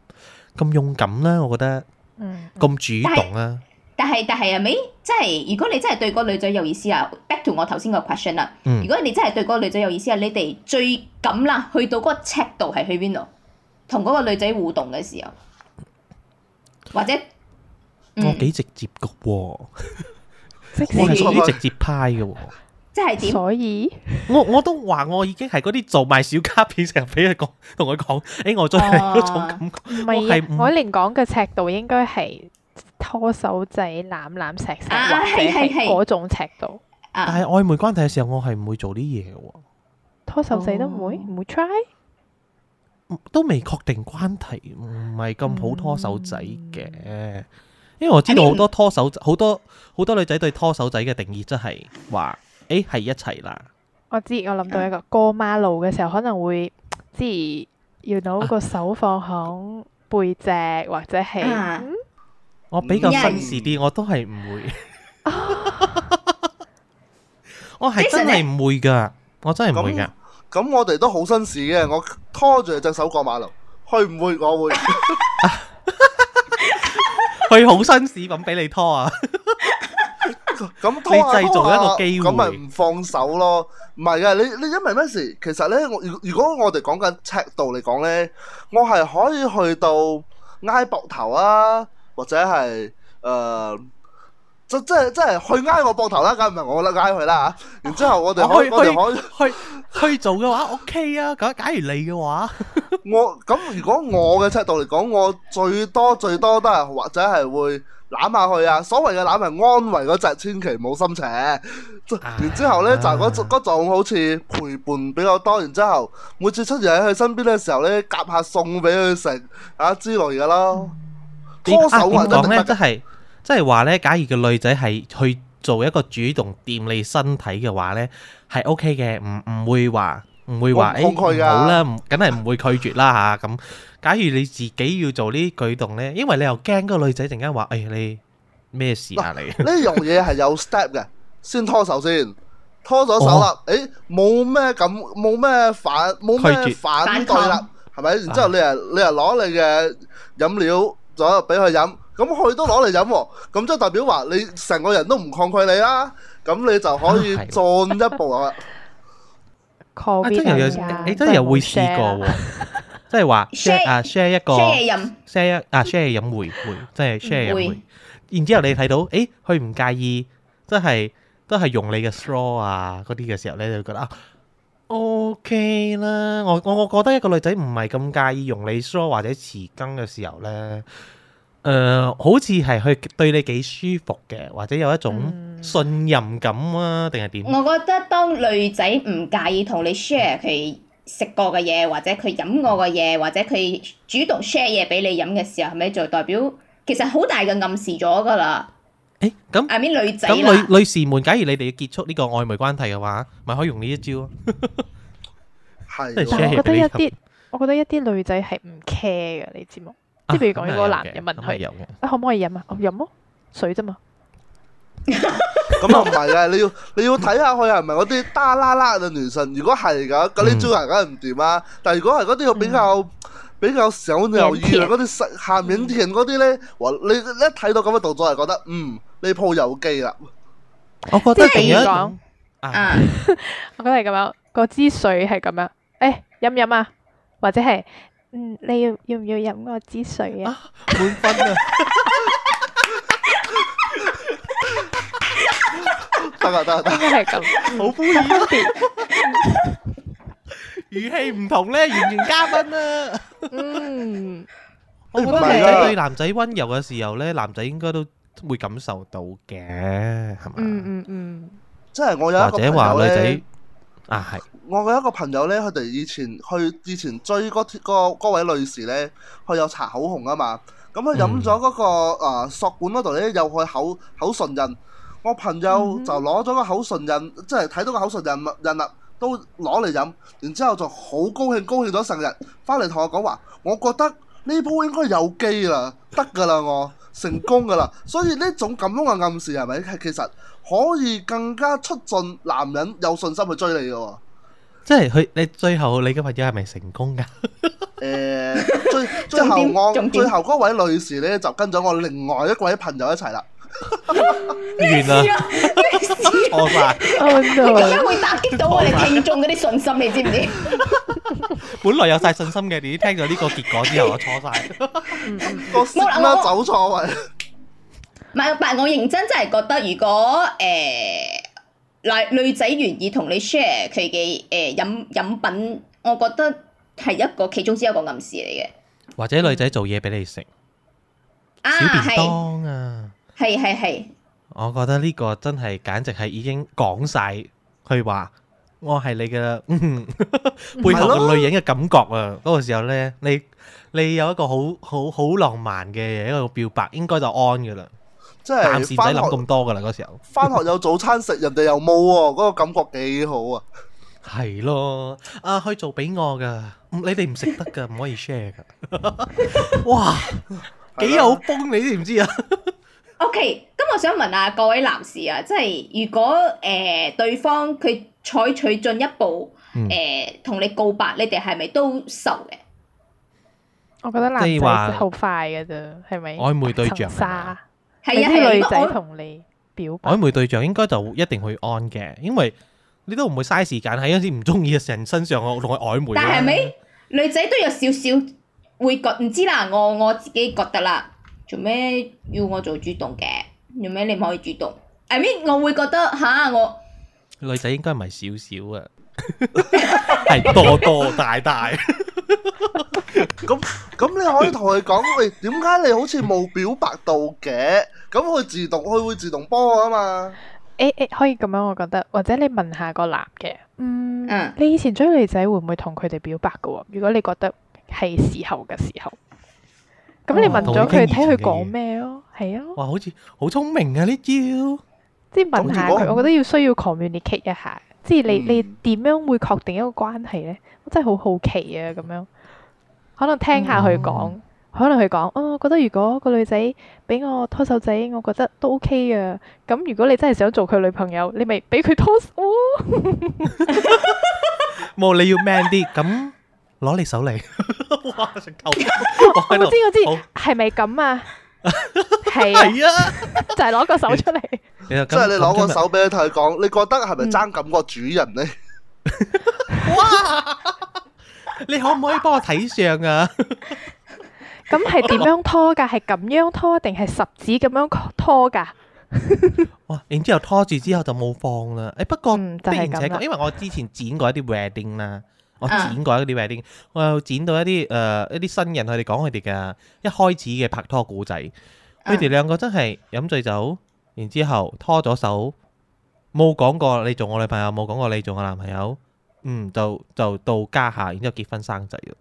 S2: 咁勇敢啦，我覺得。嗯，咁主動啦、啊，
S1: 但係但係係咪？即係如果你真係對嗰女仔有意思啊，back to 我頭先個 question 啦。如果你真係對嗰女仔有， 有意思，你哋最咁啦，去到嗰尺度係去邊度？同嗰個女仔互動嘅時候，或者我
S2: 幾、嗯哦、直接㗎喎、哦， ick 我係屬於直接派嘅喎、哦。
S3: 即係所以， 我我都話我已經
S2: 係嗰啲做埋小卡片成日俾佢講，同佢講，誒，我真係嗰種感
S3: 覺，唔係唔，啊、我連講嘅尺度應該係拖手仔攬攬錫錫，或者係嗰種尺度。啊、但
S2: 係曖昧關係嘅時候，我係唔會做啲嘢嘅，
S3: 拖手仔都唔會，唔、哦、會 try，
S2: 都未確定關係，唔係咁好拖手仔嘅，嗯、因為我知道好多拖手仔，好、嗯、多好多，多女仔對拖手仔嘅定義、就是，即係話。誒，係、欸、一齊啦！
S3: 我知，我諗到一個過馬路嘅時候，可能會即係要攞個手放響背脊或者係、啊、我比較紳
S2: 士啲，嗯、我都係唔會。啊、 我係真係唔會噶，Jason 我真係唔會嘅。
S4: 咁我哋都好紳士嘅，我拖住隻手過馬路，佢唔會，我會。
S2: 佢好紳士咁俾你拖啊！
S4: 咁你製造一個機會，咁咪唔放手咯？唔係嘅，你你因為咩事？其實咧，我如如果我哋講緊尺度嚟講咧，我係可以去到挨膊頭啊，或者係誒，即即即係去挨我膊頭啦，梗係唔係我拉挨佢啦吓。然之後我哋可以 我哋我可以去 去、去做嘅話，OK 啊。假如你嘅話， 我咁如果我嘅尺度嚟講，我最多最多都係或者係會。攬下佢啊！所謂嘅攬人安慰嗰隻，千祈冇心情。唉 然之後呢，就嗰嗰種好似陪伴比較多。唉 然之後每次出現喺佢身邊嘅時候，啊嗯啊、呢，夾下餸俾佢食啊之類嘅咯。拖手啊！點講咧，即
S2: 係即係話咧，假如個女仔係去做一個主動掂你身體嘅話呢，係 O K 嘅，唔唔會話唔會話，哎、好啦，梗係唔會拒絕啦吓咁。啊。假如你自己要做呢舉動呢，因為你又驚個女仔陣間話，誒，你咩事啊？你呢
S4: 樣嘢係有 step 嘅，先拖手先，拖咗手啦，誒，冇咩咁，冇咩反，冇咩反對啦，係咪？然之後你又你又攞你嘅飲料咗俾佢飲，咁佢都攞嚟飲，咁即係代表話你成個人都唔抗拒你啦，咁你就可以進一步啦。
S3: 真係有有，真係有
S2: 會試過。即係話 share 啊，uh，share 一個 share 啊 a share 飲回回，即係 share 回。然之後你睇到誒，佢，哎，唔介意，即係都係用你嘅 straw 啊，嗰啲嘅時候咧就會覺得啊 OK 啦。我我我覺得一個女仔唔係咁介意用你 straw 或者匙羹嘅時候咧，誒，呃，好似係佢對你幾舒服嘅，或者有一種信任感啊，定係點？我
S1: 覺得當女仔唔介意同你 share 佢她、嗯。食過嘅嘢，或者佢飲過嘅嘢，或者佢主動 share 嘢俾你飲嘅時候，係咪就代表其實好大嘅暗示咗噶啦？誒，咁 I mean 女仔咁女
S2: 女士們，假如你哋要結束呢個曖昧關係嘅話，咪可以用呢一招。係，但係我
S3: 覺得一啲，我覺得一啲女仔係唔 care 嘅，你知冇？即係譬如講，如果男人問佢，啊可唔可以飲啊？我飲咯，水啫嘛。.
S4: 咁啊，唔係啊，你要你要睇下佢係咪嗰啲噠啦啦嘅女神，如果係咁，咁你追人梗係唔掂啊！但係如果係嗰啲比較、嗯、比較少留意嗰啲夏夏影田嗰啲咧，你一睇到咁嘅動作，係覺得嗯，你鋪有機啦。
S1: 我覺
S4: 得係咁樣，
S3: 啊， 我覺得係咁樣，嗰、那、支、個、水係咁樣，誒、欸，飲唔飲啊？或者係，嗯，你要要唔要飲個支水啊？滿分啊！
S4: 得
S2: 得得，係咁，好敷衍，語氣唔同咧，完全加分啦。嗯，我覺得你對男仔温柔嘅時候咧，男仔應該都會感受到嘅，係咪？嗯嗯嗯，
S4: 真係我有一個朋友咧，或者話女仔，
S2: 啊係，
S4: 我嘅一個朋友咧，佢哋以前去以前追嗰個嗰位女士咧，佢有搽口紅啊嘛，咁佢飲咗嗰個啊塑管嗰度咧，又去口口唇印。我朋友就攞咗個口唇印，即係睇到個口唇印印啦，都攞嚟飲，然之後就好高興高興咗成日，翻嚟同我講話，我覺得呢鋪應該有機啦，得噶啦，我成功噶啦，所以呢種咁樣嘅暗示係咪係其實可以更加促進男人有信心去追你噶？
S2: 即係佢你最後你嘅朋友係咪成功噶？誒、 欸，
S4: 最最，最後我 最後嗰位女士呢，就跟咗我另外一位朋友一齊啦。
S1: 完啦，咩事？錯
S2: 晒，
S3: 點解會打擊
S1: 到我哋聽眾嗰啲信心？你知唔知？
S2: 本來有晒信心嘅，你聽咗呢個結果之後，我錯晒。
S1: 我走錯運。唔係，但係我認真真係覺得，如果誒，嗱，女仔願意同你 share 佢嘅誒飲飲品，我覺得係一個其中之一個暗示嚟嘅，
S2: 或者女仔做嘢俾你食
S1: 啊，小便當啊。係係
S2: 係，我覺得呢個真係簡直係已經講晒，佢話我係你嘅背後嘅女人嘅感覺啊！嗰個時候呢，你你有一個好好好浪漫嘅一個表白，應該就安噶啦。即係暫時唔使諗咁多噶啦，嗰時候。
S4: 翻學有早餐食，人哋又冇，嗰個感覺幾好啊！
S2: 係咯，啊可以做俾我噶，你哋唔食得噶，唔可以 share 噶。 哇，幾有
S1: 風你知唔知啊？的 O K，咁我想問下各位男士啊，即係如果誒對方佢採取進一步誒同你告白，你哋係
S3: 咪都受嘅？我覺得男仔好快㗎啫，係咪？曖昧對象。沙。係啊，係女仔同你表白
S2: 曖昧對象，應該就一定會 on 嘅，因為你都唔會嘥時間喺一啲唔中意嘅人身上，我同佢曖昧。但係咪
S1: 女仔都有少少會覺唔知啦？我我自己覺得啦。做咩要我做主動嘅？做咩你唔可以主動？I mean，我會覺得吓我
S2: 女仔應該唔係少少啊？係 多多大大。
S4: 咁咁，你可以同佢講，喂，點解你好似冇表白到嘅？咁佢自動，佢會自動幫我啊嘛？
S3: 誒誒、哎哎，可以咁樣。我覺得或者你問下個男嘅，嗯，嗯，你以前追女仔會唔會同佢哋表白噶？如果你覺得係時候嘅時候。咁你問咗佢睇佢講咩咯？係啊，
S2: 哇，好似好聰明啊呢招！即係問下佢，我覺得
S3: 要需要 communicate 一下，即係你你點樣會確定一個關係呢？我真係好好奇啊！咁樣，可能聽下佢講，可能佢講，哦，我覺得如果個女仔俾我拖手仔，我覺得都 OK 啊。咁如果你真係想做佢女朋友，你咪俾佢拖手。
S2: 冇，你要 man 啲咁。攞你手嚟，哇！成頭
S3: 我，我知我知，係咪咁啊？係 啊， 就係攞個手出嚟，
S4: 即係你攞個手俾佢睇，講 你覺得係咪爭咁個主人呢？嗯、哇！
S2: 你可唔可以幫我睇相啊？
S3: 咁係點樣拖噶？係咁樣拖定係十指咁樣拖噶？
S2: 哇！然之後拖住之後就冇放啦。誒，不
S3: 過並咁，嗯就係、因為我
S2: 之前剪過一啲 wedding 啦。我剪過一啲咩，啊、我又剪到一啲誒、呃、一啲新人，佢哋講佢哋嘅一開始嘅拍拖故仔，佢哋兩個真係飲醉酒，然之後拖咗手，冇講過你做我女朋友，冇講過你做我男朋友，嗯，就就到家下，然之後結婚生仔咯，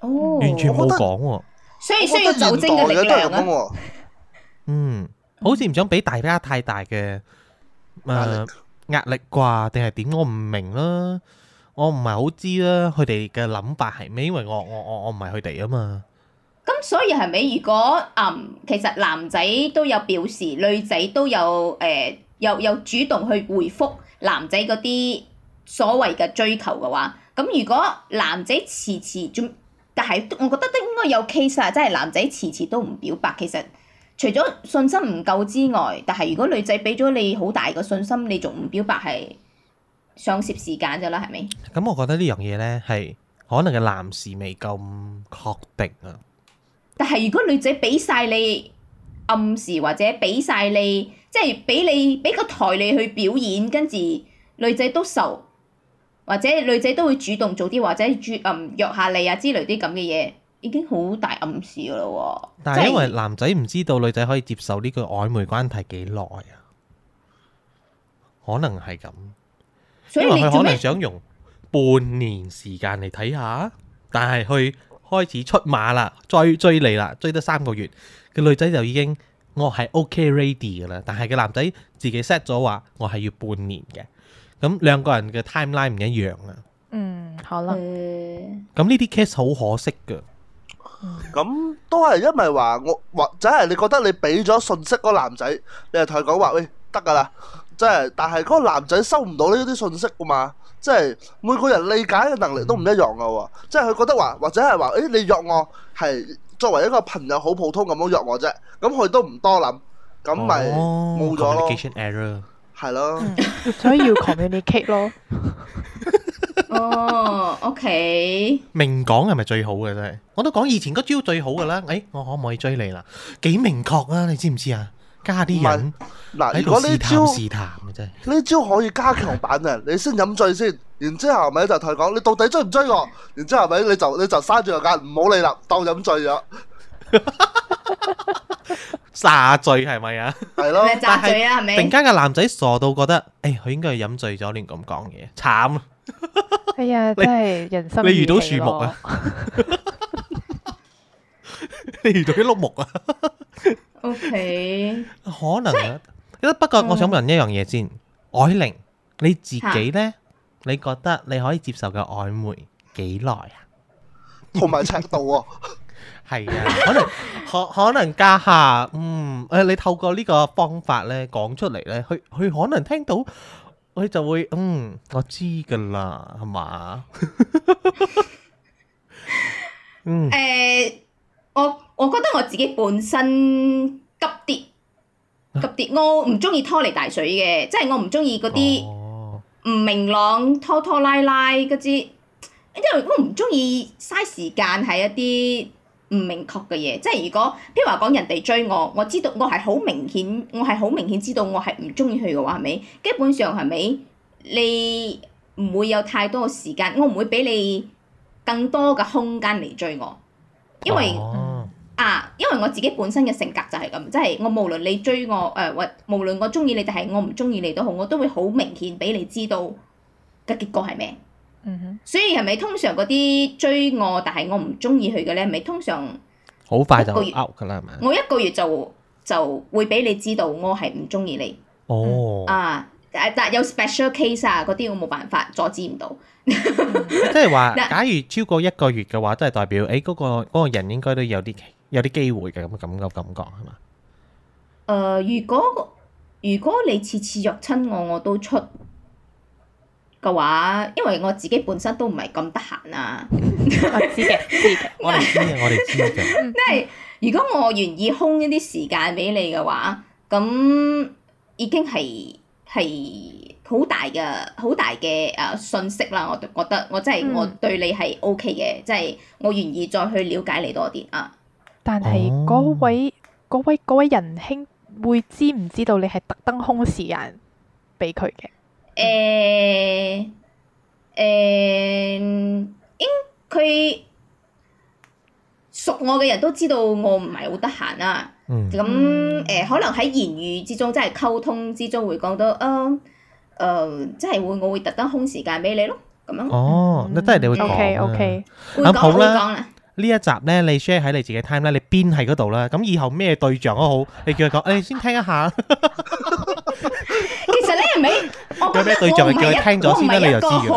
S1: 哦、完全冇講、啊，所以需要酒精嘅力量嗯，
S2: 好似唔想俾大家太大嘅誒壓力啩，定係點我唔明啦、啊。我唔係好知啦，佢哋嘅諗法係咩？因為我我我我唔係佢哋啊嘛。
S1: 咁所以係咪如果嗯，其實男仔都有表示，女仔都有誒、呃，有有主動去回覆男仔嗰啲所謂嘅追求嘅話，咁如果男仔遲遲仲，但係我覺得都應該有 case 啊，即係男仔遲遲都唔表白，其實除咗信心唔夠之外，但係如果女仔畀咗你好大嘅信心，你仲唔表白係？上攝時間咋啦，係咪？
S2: 咁我覺得呢樣嘢呢，係可能嘅男士未夠確定啊。
S1: 但係如果女仔俾晒你暗示，或者俾晒你，即係俾你俾個台你去表演，跟住女仔都受，或者女仔都會主動做啲或者主嗯約下你啊之類啲咁嘅嘢，已經好大暗示噶啦喎。但係因
S2: 為男仔唔知道女仔可以接受呢個曖昧關係幾耐啊，就是、可能係咁。因為佢可能想用半年時間嚟睇下，但係佢開始出馬啦，再追你啦，追得三個月，個女仔就已經我係 OK ready 噶啦，但係個男仔自己 set 咗話我係要半年嘅，咁兩個人嘅 timeline 唔一樣啊。嗯，
S3: 好啦。
S2: 咁呢啲 case 好可惜噶，
S4: 咁、嗯、都係因為話我或者係你覺得你俾咗信息個男仔，你係同佢講，話喂得噶啦。哎即係，但係嗰個男仔收唔到呢啲信息噶嘛？即係每個人理解嘅能力都唔一樣噶喎。即係佢覺得話，或者係話，誒，你約我係作為一個朋友好普通咁樣約我啫。咁佢都唔多諗，咁咪冇咗咯。
S2: 係咯，
S3: 所以要 communication error 咯。
S1: 哦，OK。
S2: 明講係咪最好嘅？真係，我都講以前嗰招最好噶啦。誒，我可唔可以追你啦？幾明確啊！你知唔知啊？.加啲人試探試探，嗱，如果你招呢招
S4: 可以加強版啊，唉 你先飲醉先，然之後咪就同佢講，你到底追唔追我？然之後咪你就你就閂住個閘，唔好理啦，當飲醉咗，
S2: 詐 醉係咪啊？
S3: 係咯， 詐醉啊！係咪？ 突然
S2: 間個男仔傻到覺得，誒、哎，佢應該係飲醉咗，連咁講嘢，慘啊、 哎！
S3: 真係人心 你遇到樹木啊，
S2: 你遇到啲碌木啊。 O K，可能，
S1: 不過我想
S2: 問一樣嘢先，藹羚，你自己咧，你覺得你可以接受嘅曖昧幾耐啊？同埋尺度啊？係啊，可能可可能家下，嗯，誒、你透過呢個方法咧，講出嚟咧，佢佢可能聽到，佢就會，嗯，我知噶啦，係嘛？
S1: 嗯，誒。我我覺得我自己本身急跌急跌，我唔中意拖泥帶水嘅，即係我唔中意嗰啲唔明朗、拖拖拉拉嗰啲。因為我唔中意嘥時間喺一啲唔明確嘅嘢。即係如果譬如話講人哋追我，我知道我係好明顯，我係好明顯知道我係唔中意去嘅話，係咪？基本上係咪？你唔會有太多嘅時間，我唔會俾你更多嘅空間嚟追我，
S2: 因為。
S1: 啊，因為我自己本身嘅性格就係咁，即係我無論你追我，誒、呃、或無論我中意你，定係我唔中意你都好，我都會好明顯俾你知道嘅結果係咩。嗯哼，所以係咪通常嗰啲追我，但係我唔中意佢嘅咧，咪通常
S2: 好快就 out 㗎啦，係咪？我一
S1: 個月就就會俾你知道我係唔中意你。哦、嗯。啊，誒但有 special case 啊，嗰啲我冇辦法阻止唔到。
S2: 即係話，假如超過一個月嘅話，都係代表誒嗰個人應該都有啲奇。.有啲機會嘅咁咁嘅感覺係嘛？
S1: 誒、呃，如果如果你次次約親我，我都出嘅話，因為我自己本身都唔係咁得閒啊。
S3: 我知嘅，我哋知嘅，我哋知
S1: 嘅。即係如果我願意空一啲時間俾你嘅話，咁已經係係好大嘅好大嘅誒、啊、信息啦。我覺得我真係我對你係 OK 嘅，即係、嗯、我願意再去了解你多啲啊。
S3: 但係嗰位嗰、oh. 位嗰位仁兄會知唔知道你係特登空時間俾佢嘅？
S1: 誒誒、
S3: 欸，
S1: 應佢熟我嘅人都知道我唔係好得閒啊。咁、嗯、誒、欸嗯嗯嗯嗯欸，可能喺言語之中，即係溝通之中會講到啊，誒、哦，即、呃、係會我會特登空時間俾你咯。咁樣哦，你、oh, 嗯、真係你會 OK OK，會講會講啦。說
S2: 呢一集咧，你 share 喺你自己 time 咧，你邊喺嗰度啦。咁以後咩對象都好，你叫佢講，誒、 哎、先聽一下。
S1: 其實咧，係咪？我覺得我唔係一個好，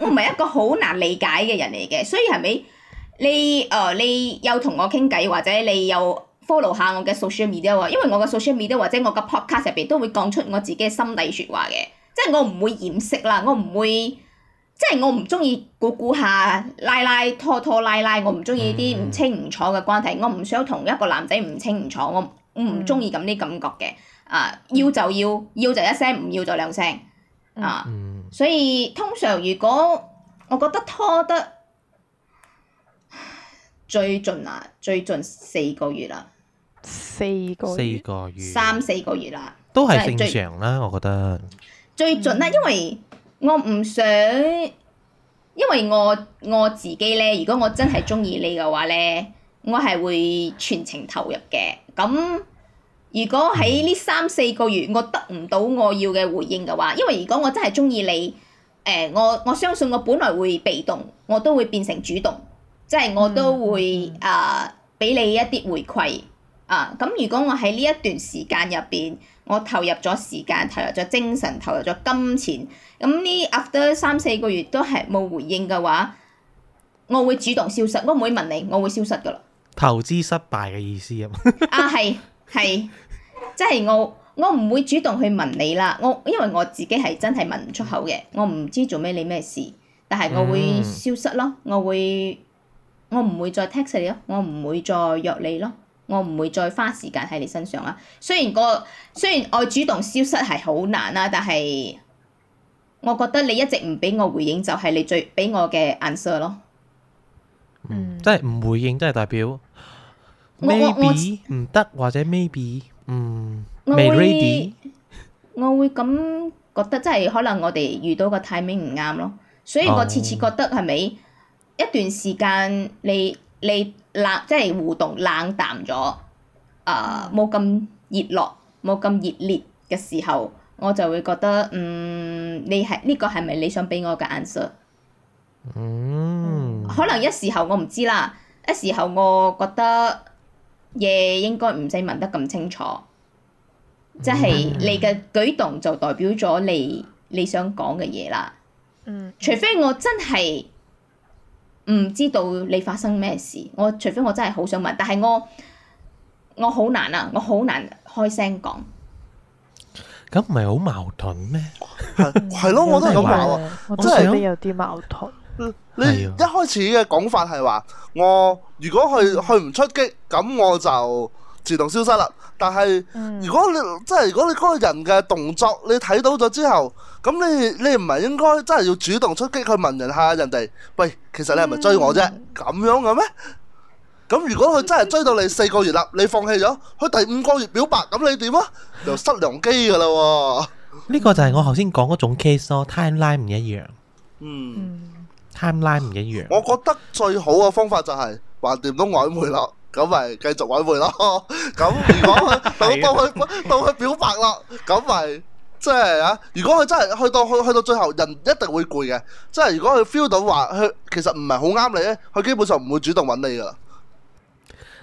S1: 我唔係一個好難理解嘅人嚟嘅，所以係咪？你誒、呃，你又同我傾偈，或者你又 follow 下我嘅 social media，因為我嘅 social media 或者我嘅 podcast 入邊都會講出我自己嘅心底説話嘅，即係我唔會掩飾啦，我唔會。即係我唔中意估估下拉拉拖拖拉拉拉，我唔中意啲唔清唔楚嘅關係，嗯、我唔想同一個男仔唔清唔楚，我唔中意咁啲感覺嘅。嗯、啊，要就要，要就一聲，唔要就兩聲。啊，嗯、所以通常如果我覺得拖得最盡啊，最盡四個月啦，四個
S2: 月三
S1: 四個月啦，都係正常啦、啊，我覺得最盡啊，嗯、因為。我唔想，因為我我自己咧，如果我真係中意你嘅話咧，我係會全程投入嘅。咁如果喺呢三四個月我得唔到我要嘅回應嘅話，因為如果我真係中意你，誒、呃、我我相信我本來會被動，我都會變成主動，即、就、係、是、我都會、嗯嗯、啊俾你一啲回饋啊。咁如果我喺呢一段時間入邊，我投入咗時間，投入咗精神，投入咗金錢，咁呢壓三四個月都係冇回應嘅話，我會主動消失，我唔會問你，我會消失噶啦。
S2: 投資失敗嘅意思 啊？啊係
S1: 係，即係、就是、我我唔會主動去問你啦，我因為我自己係真係問唔出口嘅，我唔知做咩你咩事，但係我會消失咯，嗯、我會我唔會再 text 你咯，我唔會再約你咯。我唔會再花時間喺你身上啦。雖然、那個雖然愛主動消失係好難啦、啊，但係我覺得你一直唔畀我回應，就係你最畀我嘅 answer 咯。 嗯 嗯、
S2: 即係唔回應，即係代表 maybe 唔得，或者 maybe 嗯未 ready
S1: 我會咁覺得，即係可能我哋遇到個 timing 唔啱咯。所以我次次覺得係咪、哦、一段時間你？你冷即係互動冷淡咗，啊，冇咁熱絡，冇咁熱烈嘅時候，我就會覺得嗯，你係呢個係咪你想畀我嘅答案？嗯、可能一時候我唔知啦，一時候我覺得嘢應該唔使問得咁清楚，即係你嘅舉動就代表咗你你想講嘅嘢啦。嗯、除非我真係。唔知道你發生咩事，我除非我真係好想問，但係我我好難啊，我好難、啊、開聲講。
S2: 咁唔係好矛盾咩？
S3: 係 咯， 我都咁講我真係有啲矛盾。
S2: 你
S4: 一開始嘅講法係話， 啊、我如果去去唔出擊，咁我就。自動消失啦，但係如果你即係、嗯、如果你嗰個人嘅動作你睇到咗之後，咁你你唔係應該真係要主動出擊去問人下人哋，喂，其實你係咪追我啫？咁樣嘅咩？咁如果佢真係追到你四個月啦，你放棄咗，佢第五個月表白，咁你點啊？又失良機噶啦？
S2: 呢個就係我頭先講嗰種 case 咯，timeline 唔一樣。嗯，timeline 唔一樣。
S4: 我覺得最好嘅方法就係橫掂都曖昧咯。咁咪繼續挽回咯。咁如果佢到去到去表白啦，咁咪即係啊？如果佢真係去到去去到最後，人一定會攰嘅。即係如果佢 feel 到話，佢其實唔係好啱你咧，佢基本上唔會主動揾你噶。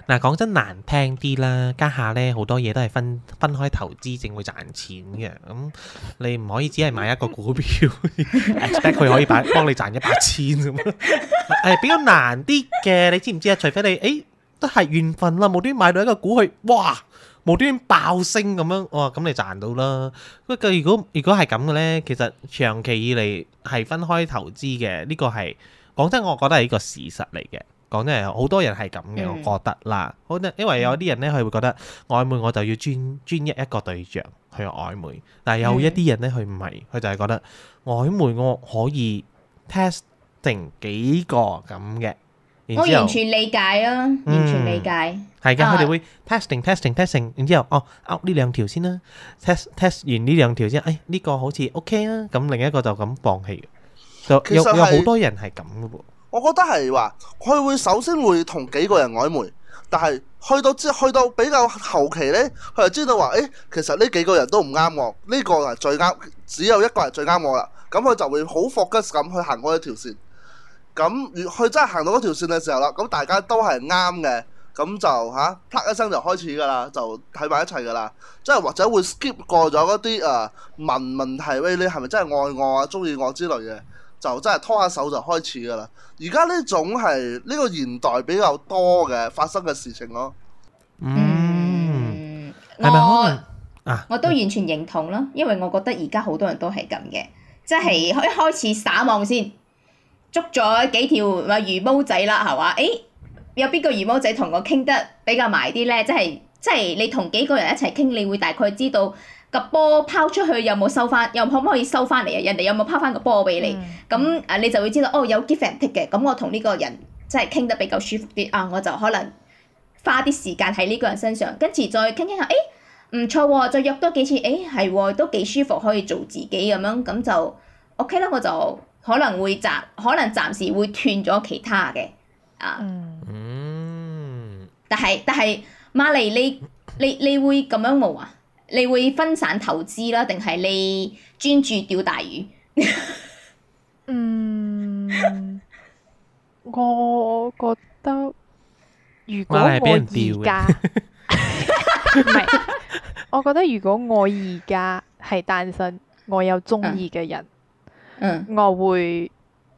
S2: 嗱，講真難聽啲啦，家下呢好多嘢都係分分開投資正會賺錢嘅。咁你唔可以只係買一個股票，expect 佢可以幫幫你賺一百千啫嘛。係比較難啲嘅，你知唔知啊？除非你誒。都係緣分啦，無端買到一個股去，哇！無端爆升咁樣，哇！咁你賺到啦。不過如果如果係咁嘅咧，其實長期以嚟係分開投資嘅，呢個係講真，我覺得係一個事實嚟嘅。講真係好多人係咁嘅，mm hmm. 我覺得啦。我覺得因為有啲人咧，佢會覺得曖昧，我就要專專一一個對象去曖昧。但係有一啲人咧，佢唔係，佢就係覺得曖昧，我可以 test 定幾個咁嘅。我完全
S1: 理解啊，嗯、完全理解。係噶的，佢哋、就是、會
S2: testing，testing，testing。然之後，哦，呃呢兩條先啦。test，test 完呢兩條先，誒、哎，呢、這個好似 ok 啦。咁另一個就咁放棄。就其實有好多人係咁噶噃。
S4: 我覺得係話，佢會首先會同幾個人曖昧，但係去到之去到比較後期呢，佢就知道話，誒、哎，其實呢幾個人都唔啱我，呢、這個係最啱，只有一個係最啱我啦。咁佢就會好 focus 咁去行嗰一條線。咁如佢真係行到嗰條線嘅時候啦，咁大家都係啱嘅，咁就吓啪一聲就開始噶啦，就喺埋一齊噶啦，即係或者會 skip 過咗一啲啊問問題，喂，你係咪真係愛我啊中意，我之類嘅，就真係拖下手就開始噶啦。而家呢種係呢個現代比較多嘅發生嘅事情咯。
S3: 嗯，咪我
S1: 我都完全認同啦，因為我覺得而家好多人都係咁嘅，即係一開始撒網先。捉咗幾條咪魚毛仔啦，係話？誒、欸，有邊個魚毛仔同我傾得比較埋啲咧？即係即係你同幾個人一齊傾，你會大概知道個波拋出去有冇收翻，又可唔可以收翻嚟啊？人哋有冇拋翻個波俾你？咁誒、嗯，你就會知道、嗯、哦，有 give and take 嘅。咁我同呢個人即係傾得比較舒服啲啊，我就可能花啲時間喺呢個人身上，跟住再傾傾下，誒、欸、唔錯、啊，再約多幾次，誒、欸、係、啊、都幾舒服，可以做自己咁樣，咁就 OK 啦，我就。可能會暫可能暫時會斷咗其他嘅啊，嗯、但係但係，瑪麗你你你會咁樣冇啊？你會分散投資啦，定係你專注釣
S3: 大魚？ 嗯，我覺得如果我而家，唔係，我覺得如果我而家係單身，我有中意嘅人。嗯 Mm. 我會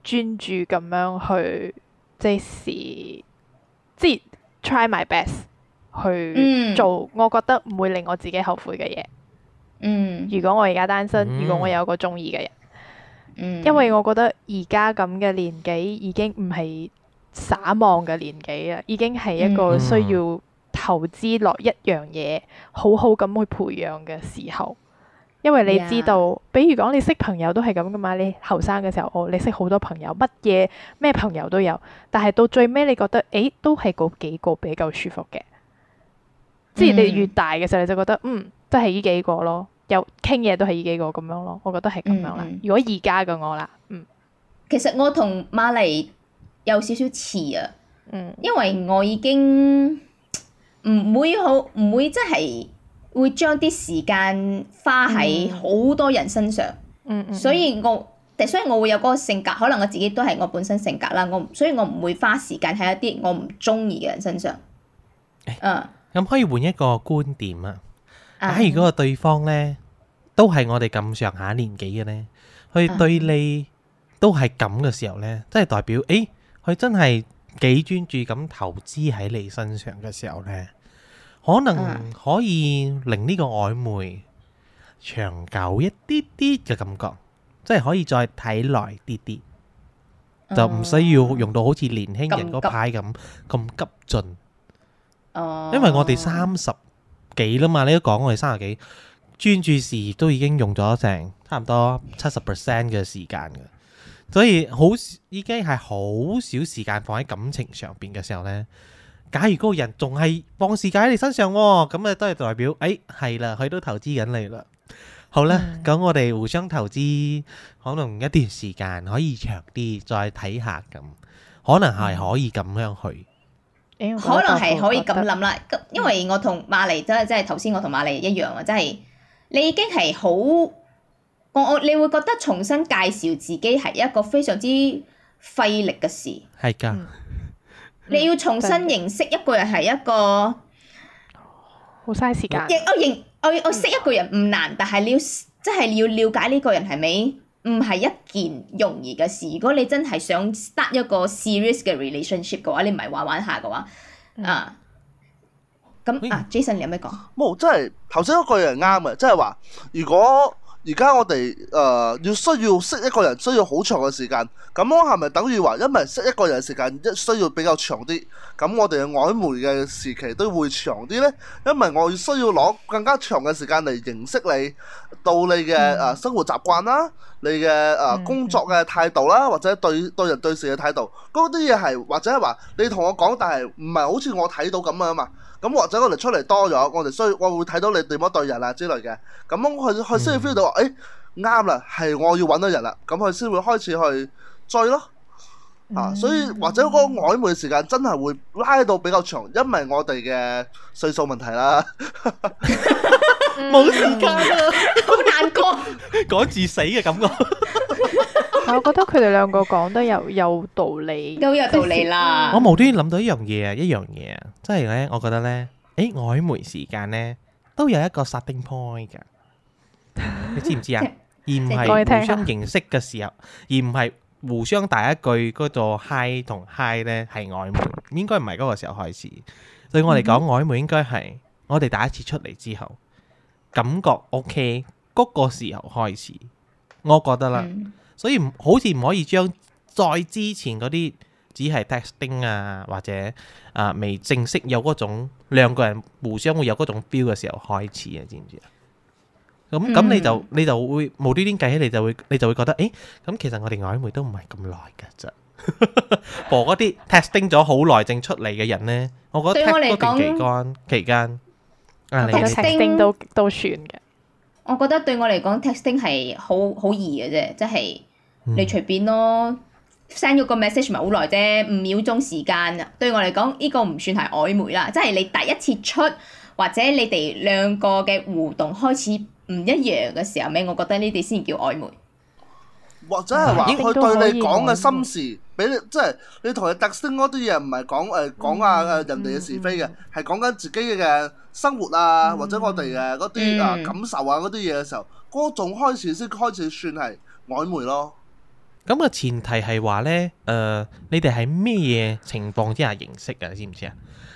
S3: 專注咁樣去，即係，即係 try my best 去做。我覺得唔會令我自己後悔嘅嘢。嗯，mm. 如果我而家單身，如果我有一個中意嘅人，嗯，mm. 因為我覺得而家咁嘅年紀已經唔係撒網嘅年紀啦，已經係一個需要投資落一樣嘢，好好咁去培養嘅時候。因為你知道，Yeah. 比如講你識朋友都係咁嘅嘛。你後生嘅時候，哦，你識好多朋友，乜嘢咩朋友都有。但係到最尾，你覺得，哎、欸，都係嗰幾個比較舒服嘅。即係、mm hmm. 你越大嘅時候，你就覺得，嗯，都係依幾個咯，有傾嘢都係依幾個咁樣咯。我覺得係咁樣啦。Mm hmm. 如果而家嘅我啦，嗯，其實我同瑪麗有少少
S1: 似啊，嗯、mm，hmm. 因為我已經唔會好，唔會即、就、係、是。會將啲時間花喺好多人身上，所以我，所以我會有嗰個性格，可能我自己都係我本身性格啦。我，所以我唔會花時間喺一啲我唔中意嘅人身上。
S2: 嗯，咁可以換一個觀點啊，
S1: 假如
S2: 嗰個對方呢都係我哋咁上下年紀嘅呢，佢對你都係咁嘅時候呢，即係代表，誒，佢真係幾專注咁投資喺你身上嘅時候呢。可能可以令呢個曖昧長久一啲啲嘅感覺，即係可以再睇耐啲啲，嗯、就唔需要用到好似年輕人嗰派咁咁急進。嗯、因為我哋三十幾啦嘛，嗯、你都講我哋三十幾專注事業都已經用咗成差唔多七十 percent 嘅時間嘅，所以好已經係好少時間放喺感情上邊嘅時候呢。假如嗰個人仲係放時間喺你身上，咁啊都係代表，誒係啦，佢都投資緊你啦。好啦，咁我哋互相投資，可能一段時間可以長啲，再睇下咁，可能係可以咁樣去，
S1: 可能係可以咁諗啦。咁因為我同瑪麗真係，即係頭先我同瑪麗一樣啊，即係你已經係好，我我你會覺得重新介紹自己係一個非常之費力嘅事，係噶。你要重新認識一個人係一個好嘥時間。我認我認我認識一個人唔難，嗯、但係你要真係要了解呢個人係咪唔係一件容易嘅事。如果你真係想 start 一個 serious 嘅 relationship 嘅話，你唔係玩玩下嘅話，嗯、啊，咁你啊，Jason 你有咩講？
S4: 冇，真係頭先嗰句係啱嘅，即係話如果。而家我哋誒、呃、要需要識一個人需要好長嘅時間，咁我係咪等於話因為識一個人時間一需要比較長啲，咁我哋嘅曖昧嘅時期都會長啲呢？因為我需要攞更加長嘅時間嚟認識你，到你嘅誒、呃、生活習慣啦，嗯、你嘅誒、呃、工作嘅態度啦，或者對對人對事嘅態度，嗰啲嘢係或者係話你同我講，但係唔係好似我睇到咁樣啊嘛？咁或者我哋出嚟多咗，所以我哋需我會睇到你點樣對人啊之類嘅，咁佢先至 feel 到話，誒、嗯，啱啦，欸，係我要搵到人啦，咁佢先會開始去追咯。嗯、啊，所以或者嗰個曖昧時間真係會拉到比較長，因為我哋嘅歲數問題啦。
S2: 冇、 嗯、 時間啊， 好難過，趕住 死嘅感覺。
S3: 我覺得佢哋兩個講得有有道理，都有道理啦。
S2: 我無端端諗到一樣嘢啊，一樣嘢啊，即係咧，我覺得咧，誒，曖昧時間咧，都有一個 setting point 噶，你知唔知啊？而唔係互相認識嘅時候，而唔係互相第一句嗰個 hi 同 hi 咧係曖昧，應該唔係嗰個時候開始。對我嚟講，曖昧應該係我哋第一次出嚟之後，感覺 OK 嗰個時候開始，我覺得啦。所以唔好似唔可以將再之前嗰啲只係 testing 啊，或者啊未正式有嗰種兩個人互相會有嗰種 feel 嘅時候開始啊，知唔知啊？咁咁你就你就會無端端計起，你就會，無無你，就會你就會覺得，誒、欸、咁其實我哋曖昧都唔係咁耐㗎咋。和嗰啲 testing 咗好耐正出嚟嘅人咧，我覺，我，我覺得對我期間期間啊
S1: testing 都
S3: 都算嘅。
S1: 我覺得對我嚟講 testing 係好好易嘅啫，即係。即你隨便咯，send 咗個 message 咪好耐啫，五秒鐘時間啊！對我嚟講，呢、呢個唔算係曖昧啦，即係你第一次出或者你哋兩個嘅互動開始唔一樣嘅時候，咩？我覺得呢啲先叫曖昧。
S4: 或者係話佢對你講嘅心事，俾你即係、就是、你同佢特徵嗰啲嘢，唔係講誒講下人哋嘅是非嘅，係講緊自己嘅生活啊，嗯、或者我哋嘅嗰啲啊感受啊嗰啲嘢嘅時候，嗰、嗯、種開始先開始算係曖昧咯。
S2: 咁嘅前提係話咧，誒、呃，你哋係咩嘢情況之下認識㗎？你知唔知啊？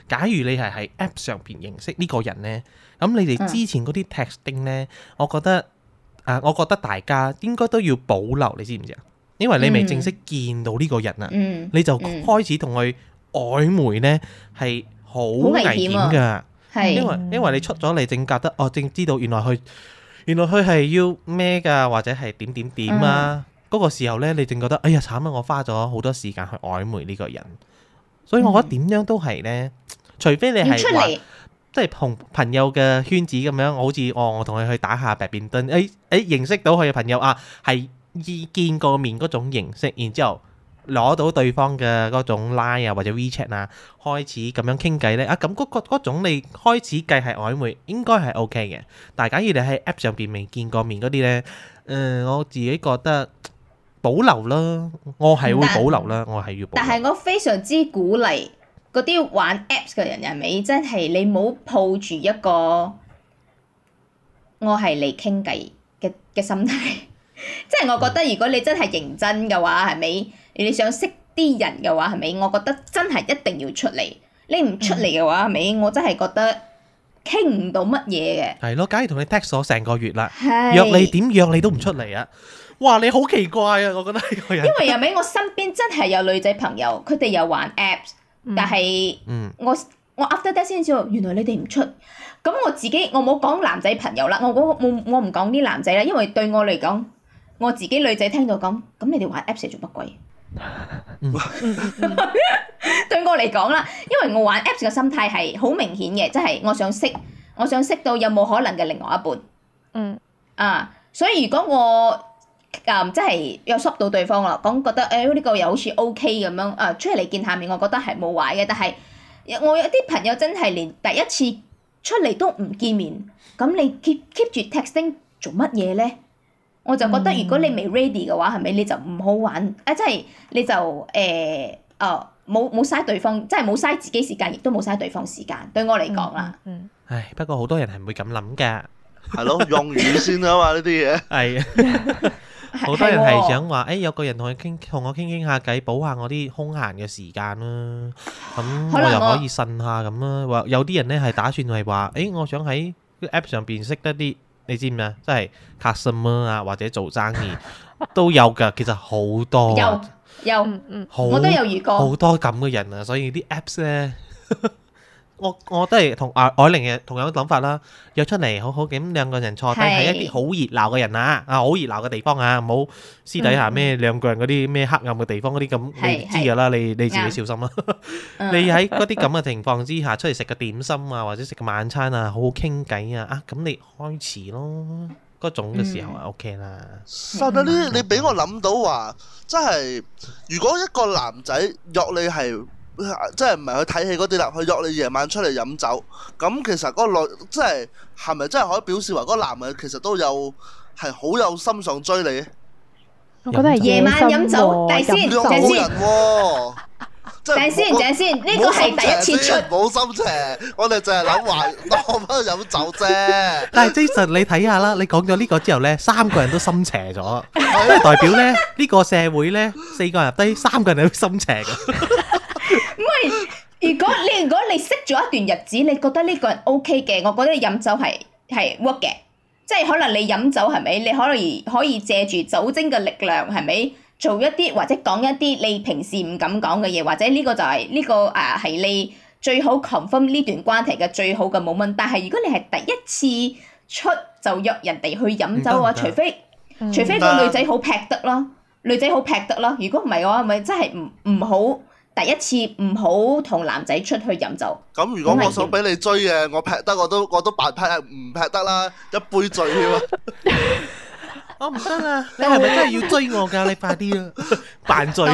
S2: 假如你係喺 App 上邊認識呢個人咧，咁你哋之前嗰啲 texting 咧、嗯，我覺得，啊，我覺得大家應該都要保留，你知唔知啊？因為你未正式見到呢個人啊，嗯嗯嗯、你就開始同佢曖昧咧，係好危險㗎。險哦、
S3: 因為因
S2: 為你出咗嚟正覺得，哦，正知道原來佢原來佢係要咩㗎，或者係點點點啊。嗯嗰個時候呢，你淨覺得哎呀慘啊！我花咗好多時間去曖昧呢個人，所以我覺得點樣都係呢，嗯、除非你係來即係同朋友嘅圈子咁樣，我好似哦，我同佢去打下 badminton，哎哎認識到佢嘅朋友啊，係見過面嗰種認識，然之後攞到對方嘅嗰種 line 啊或者 wechat 啊，開始咁樣傾偈呢。啊咁嗰、嗰個種你開始計係曖昧，應該係 OK 嘅。但係假如你喺 app 上邊未見過面嗰啲呢，嗯、呃，我自己覺得。保留啦，我係會保留啦，我係要保留。但係
S1: 我非常之鼓勵嗰啲玩 apps 嘅人，係咪？真係你冇抱住一個我係嚟傾偈嘅嘅心態。即係我覺得，如果你真係認真嘅話，係咪？如果你想識啲人嘅話，係咪？我覺得真係一定要出嚟。你唔出嚟嘅話，係咪？我真係覺得傾唔到乜嘢嘅。
S2: 係咯，假如同你 text 咗成個月啦，約你點約你都唔出嚟啊！
S1: 哇！你好奇怪啊，我覺得呢個
S2: 人。因為又
S1: 咪我身邊真係有女仔朋友，佢哋又玩 Apps、嗯、但係我、嗯、我噏得得先知道，原來你哋唔出。咁我自己我冇講男仔朋友啦，我我我唔講啲男仔啦，因為對我嚟講，我自己女仔聽到咁，咁你哋玩 Apps 係做乜鬼？對我嚟講啦，因為我玩 Apps 嘅心態係好明顯嘅，即係我想識，我想識到有冇可能嘅另外一半。嗯啊，所以如果我誒，即係又識到對方啦，咁覺得誒呢個又好似 O K 咁樣，啊出嚟見下面，我覺得係冇壞嘅。但係，我有啲朋友真係連第一次出嚟都唔見面，咁你 keep keep 住 texting 做乜嘢呢？我就覺得如果你未 ready 嘅話，係咪你就唔好玩？誒，即係你就誒，啊冇冇嘥對方，即係冇嘥自己時間，亦都冇嘥對方時間。對我嚟講啦，
S2: 唉，不過好多人係唔會咁諗㗎，係咯，用完先啊嘛，呢啲嘢係啊。好多人係想話，誒的、欸、有個人同佢傾，同我傾傾下偈，補下我啲空閒嘅時間啦、啊。咁、嗯、我又可以信下咁啦、啊。或有啲人咧係打算係話，誒、欸、我想喺個 app 上邊識得啲，你知唔知啊？即係 customer 啊，或者做生意都有㗎。其實好多，
S1: 很有有我都有遇過好
S2: 多咁嘅人啊。所以啲 apps 咧。 我我都係同阿藹羚嘅同樣嘅諗法啦，約出嚟好好咁兩個人坐人、啊，低，係一啲好熱鬧嘅人啊，啊好熱鬧嘅地方啊，唔好私底下咩兩個人嗰啲咩黑暗嘅地方嗰啲咁，嗯、你知噶啦，是是你你自己小心啦、啊。嗯、 你喺嗰啲咁嘅情況之下出嚟食個點心啊，或者食個晚餐啊，好好傾偈啊，啊咁你開始咯，嗰種嘅時候啊 OK 啦。實在、嗯！呢、嗯、
S4: 你俾我諗到話，真係如果一個男仔約你係。即係唔係去睇戲嗰啲啦，去約你夜晚出嚟飲酒。咁其實嗰個男，即係係咪真係可以表示話嗰個男人其實都有係好有心想追你？
S3: 我覺得係夜晚飲酒，第一先，
S4: 鄭先，鄭先，鄭先，呢個係第一次出冇心情。我哋就係諗話，我唔好飲酒啫。
S2: 但係 Jason，你睇下啦，你講咗呢個之後咧，三個人都心邪咗，代表咧呢個社會咧，四個人低，三個人都心邪。
S1: 如果你如果你識咗一段日子，你覺得呢個人 OK 嘅，我覺得飲酒係係 work 嘅，即係可能你飲酒係咪？你可能可以借住酒精嘅力量係咪做一啲或者講一啲你平時唔敢講嘅嘢，或者呢個就係、是、呢、這個誒係、啊、你最好 confirm 呢段關係嘅最好嘅 moment，但係如果你係第一次出就約人哋去飲酒啊，嗯嗯嗯、除非、嗯嗯、除非個女仔好劈得咯，女仔好劈得咯。如果唔係嘅話，咪真係唔唔好。第一次唔好同男仔出去飲酒。
S4: 咁如果我想俾你追嘅，我劈得我都我都扮劈唔劈得啦，一杯醉添。我唔得
S1: 啊！你係咪真係要追
S2: 我噶？你快啲啦，扮醉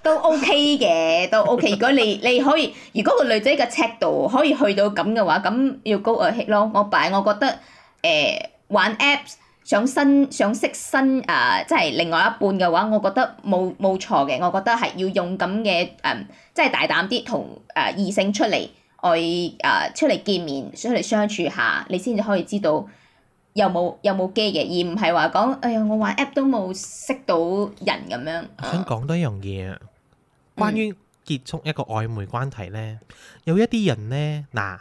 S1: 都 OK 嘅，都 OK。如果你你可以，如果個女仔嘅尺度可以去到咁嘅話，咁要 go ahead 咯。我扮我覺得誒玩 apps。想新想識新誒、啊，即係另外一半嘅話，我覺得冇冇錯嘅。我覺得係要用咁嘅誒，即、嗯、係大膽啲同誒異性出嚟外誒出嚟見面，出嚟相處下，你先至可以知道有冇有冇機嘅，而唔係話講誒，我玩 app 都冇識到人咁樣。啊、
S2: 我想講多一樣嘢，關於結束一個曖昧關係咧，嗯、有一啲人咧嗱，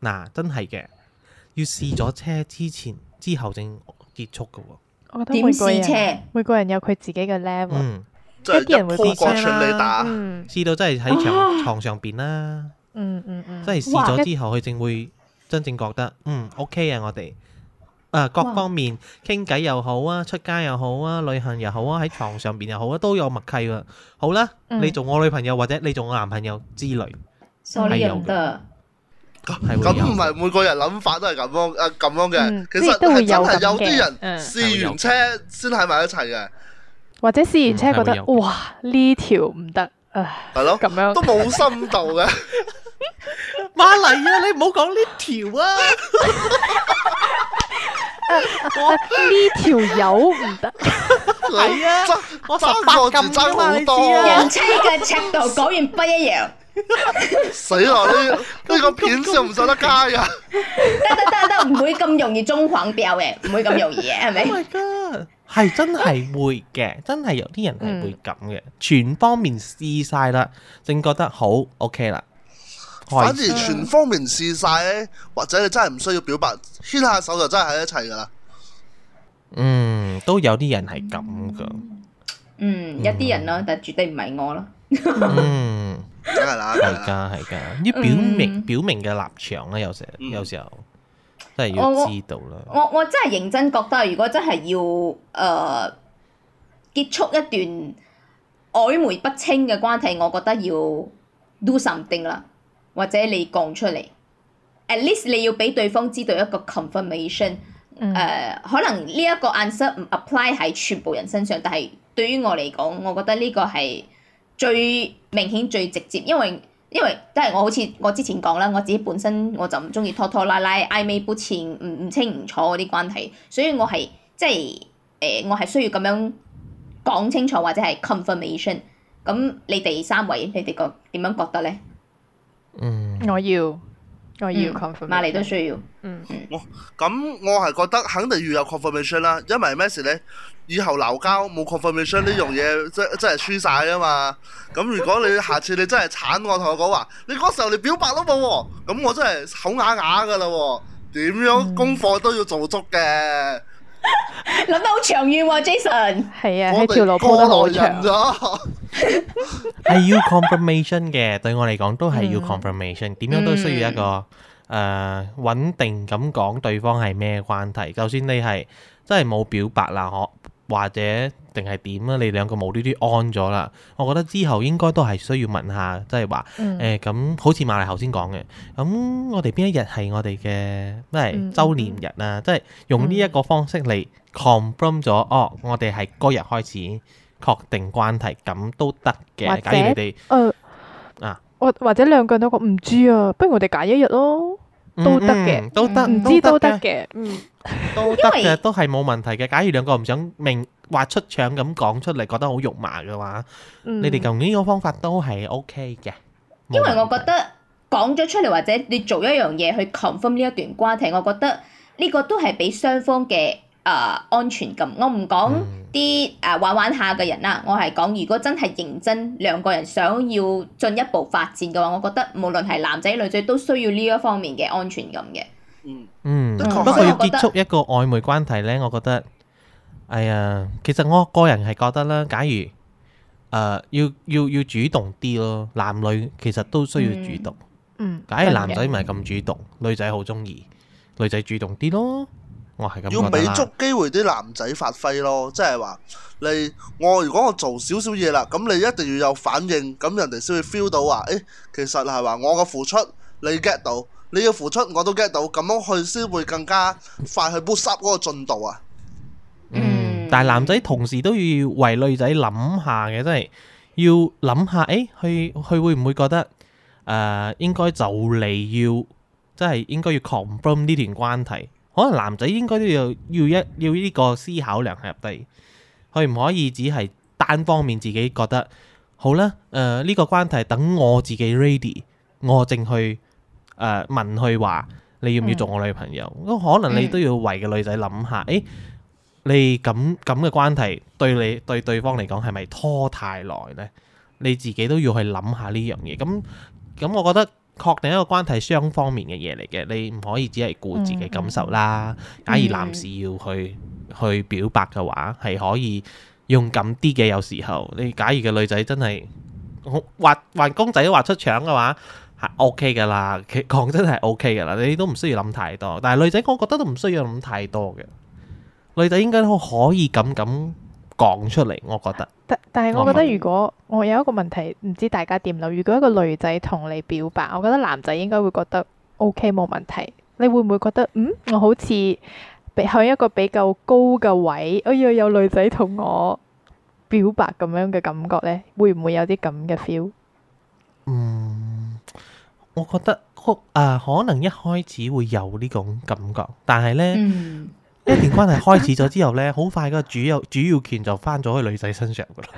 S2: 嗱真係嘅，要試咗車之前之後正。結束嘅喎，
S3: 點試車？我覺得每個人有佢自己嘅 level，
S2: 嗯，即係啲人會試車啦，嗯，試到真係喺床床上邊啦，嗯嗯
S3: 嗯，真係試咗之後，
S2: 佢哇正會真正覺得，嗯，OK 啊，我哋啊，各方面傾偈又好啊，出街又好啊，旅行又好啊，喺床上邊又好啊，都有默契啊，好啦，你做我女朋友或者你做我男朋友之類，
S1: 所、嗯嗯、有
S2: 咁唔係每個人諗法
S4: 都係咁樣誒，咁樣嘅。其實都係真係有啲人試完車先喺埋一齊嘅，
S3: 或者試完車覺得哇呢條唔得
S4: 啊，係咯，咁樣都冇深度嘅。
S3: 瑪麗啊！你唔好講呢條啊，
S1: 呢
S3: 條有唔得？
S1: 係啊，我發覺爭好多。試車嘅尺度果然不一樣。
S4: 死啦！呢個片上唔
S1: 上得街啊？得得得得，唔會咁容易中黃標嘅，唔會咁容易嘅係咪？
S2: 係、oh、真係會嘅，真係有啲人係會咁嘅，嗯、全方面試晒啦，正覺得好 OK 啦。反而全
S4: 方面試晒，或者你真係唔需要表白，
S1: 牽下手就
S4: 真係喺一齊噶啦。嗯，
S2: 都有啲人係咁噶。嗯，嗯
S1: 有啲人咯，但係絕對唔係我咯。嗯。
S2: 嗯 真係難噶，係噶， 係噶，要表明表明嘅立場咧，有時有時候真係、嗯、要知道啦。
S1: 我我真係認真覺得，如果真係要誒、呃、結束一段曖昧不清嘅關係，我覺得要 do something 啦，或者你講出嚟，at least 你要俾對方知道一個 confirmation、嗯。誒、呃，可能呢一個 answer 唔 apply 喺全部人身上，但係對於我嚟講，我覺得呢個係。最明顯最直接，因為因為都係、就是、我好似我之前講啦，我自己本身我就唔中意拖拖拉拉、曖昧不清唔清唔楚嗰啲關係，所以我係即係誒、呃，我係需要咁樣講清楚或者係 confirmation。咁你哋三位，你哋覺點
S3: 樣覺得咧？嗯，我要，我要 confirmation，瑪麗都需要。嗯，嗯
S4: 哦、我咁我係覺得肯定要有 confirmation 啦，因為咩事咧？以後鬧交冇 confirmation 呢樣嘢，真真係輸曬啊嘛！咁 如果你下次你真係慘我，我，同我講話，你嗰時候你表白都冇喎，咁我真係口啞啞噶啦喎！點樣功課都要做足嘅。
S3: 諗、嗯、 得好長遠喎、啊、Jason。係啊，係條路鋪得好長咗。
S2: 係 要 confirmation 嘅，對我嚟講都係要 confirmation。點、嗯、樣都需要一個誒、呃、穩定咁講對方係咩關係，就算你係真係冇表白啦，可？或者定係點啊？你兩個無端端安咗啦，我覺得之後應該都係需要問下，即係話誒咁，好似瑪麗頭先講嘅，咁、嗯、我哋邊一日係我哋嘅即係週年日啊？嗯、即係用呢一個方式嚟 confirm 咗，嗯、哦，我哋係嗰日開始確定關係，咁都得嘅。者假如你哋誒啊，或、
S3: uh, 或者兩個人都講唔知啊，不如我哋揀一日咯。嗯、都得嘅，嗯、都得，唔知都得嘅，嗯、都得嘅，
S2: 因為都係冇問題嘅。假如兩個唔想明話出腸咁講出嚟，覺得好肉麻嘅話，嗯、你哋用呢個方法都係 OK 嘅。
S3: 因為
S1: 我覺得講咗出嚟，或者你做一樣嘢去 confirm 呢一段關係，我覺得呢、呢個都係俾雙方嘅。啊，安全感！我唔講啲啊玩玩下嘅人啦，嗯、我係講如果真係認真兩個人想要進一步發展嘅話，我覺得無論係男仔女仔都需要呢一方面嘅安全感嘅。嗯，
S2: 嗯，不過要結束一個曖昧關係呢，我覺得，哎呀，其實我個人係覺得啦，假如，誒、呃、要要要主動啲咯，男女其實都需要主動。嗯嗯、假如男仔唔係咁主動，嗯嗯、女仔好中意，女仔主動啲咯。要俾足
S4: 機會啲男仔發揮咯，即係話你我如果我做少少嘢啦，咁你一定要有反應，咁人哋先會 feel 到話，誒，其實係話我嘅付出你 get 到，你嘅付出我都 get 到，咁樣去先會更加快去 boost 嗰個進度啊！嗯，
S2: 但係男仔同時都要為女仔諗下嘅，真係要諗下誒，佢佢會唔會覺得誒應該就嚟要即係應該要 confirm 呢段關係？可能男仔應該都要要一要呢個思考量喺入低，佢唔可以只係單方面自己覺得好啦。誒，呢個關係等我自己 ready，我淨去誒問佢話你要唔要做我女朋友。可能你都要為個女仔諗下，誒，你咁咁嘅關係對你對對方嚟講係咪拖太耐呢？你自己都要去諗下呢樣嘢。咁咁，我覺得。確定一個關係係雙方面嘅嘢嚟嘅，你唔可以只係顧自己感受啦。嗯嗯、假如男士要去去表白嘅話，係可以勇敢啲嘅。有時候你假如個女仔真係畫畫公仔畫出腸嘅話，係 O K 噶啦，講真係 O K 噶啦，你都唔需要諗太多。但係女仔，我覺得都唔需要諗太多嘅。女仔應該都可以咁咁。講出嚟，我覺得。
S3: 但但係，我覺得如果我有一個問題，唔知大家點諗？如果一個女仔同你表白，我覺得男仔應該會覺得 OK，冇問題。你會唔會覺得嗯，我好似喺一個比較高嘅位，哎呀，有女仔同我表白咁樣嘅感覺呢？會唔會有啲咁嘅 feel？
S2: 嗯，我覺得可啊、呃，可能一開始會有呢種感覺，但係呢。嗯一段關係開始咗之後呢，好快個主要主要權就翻咗去女仔身上噶啦，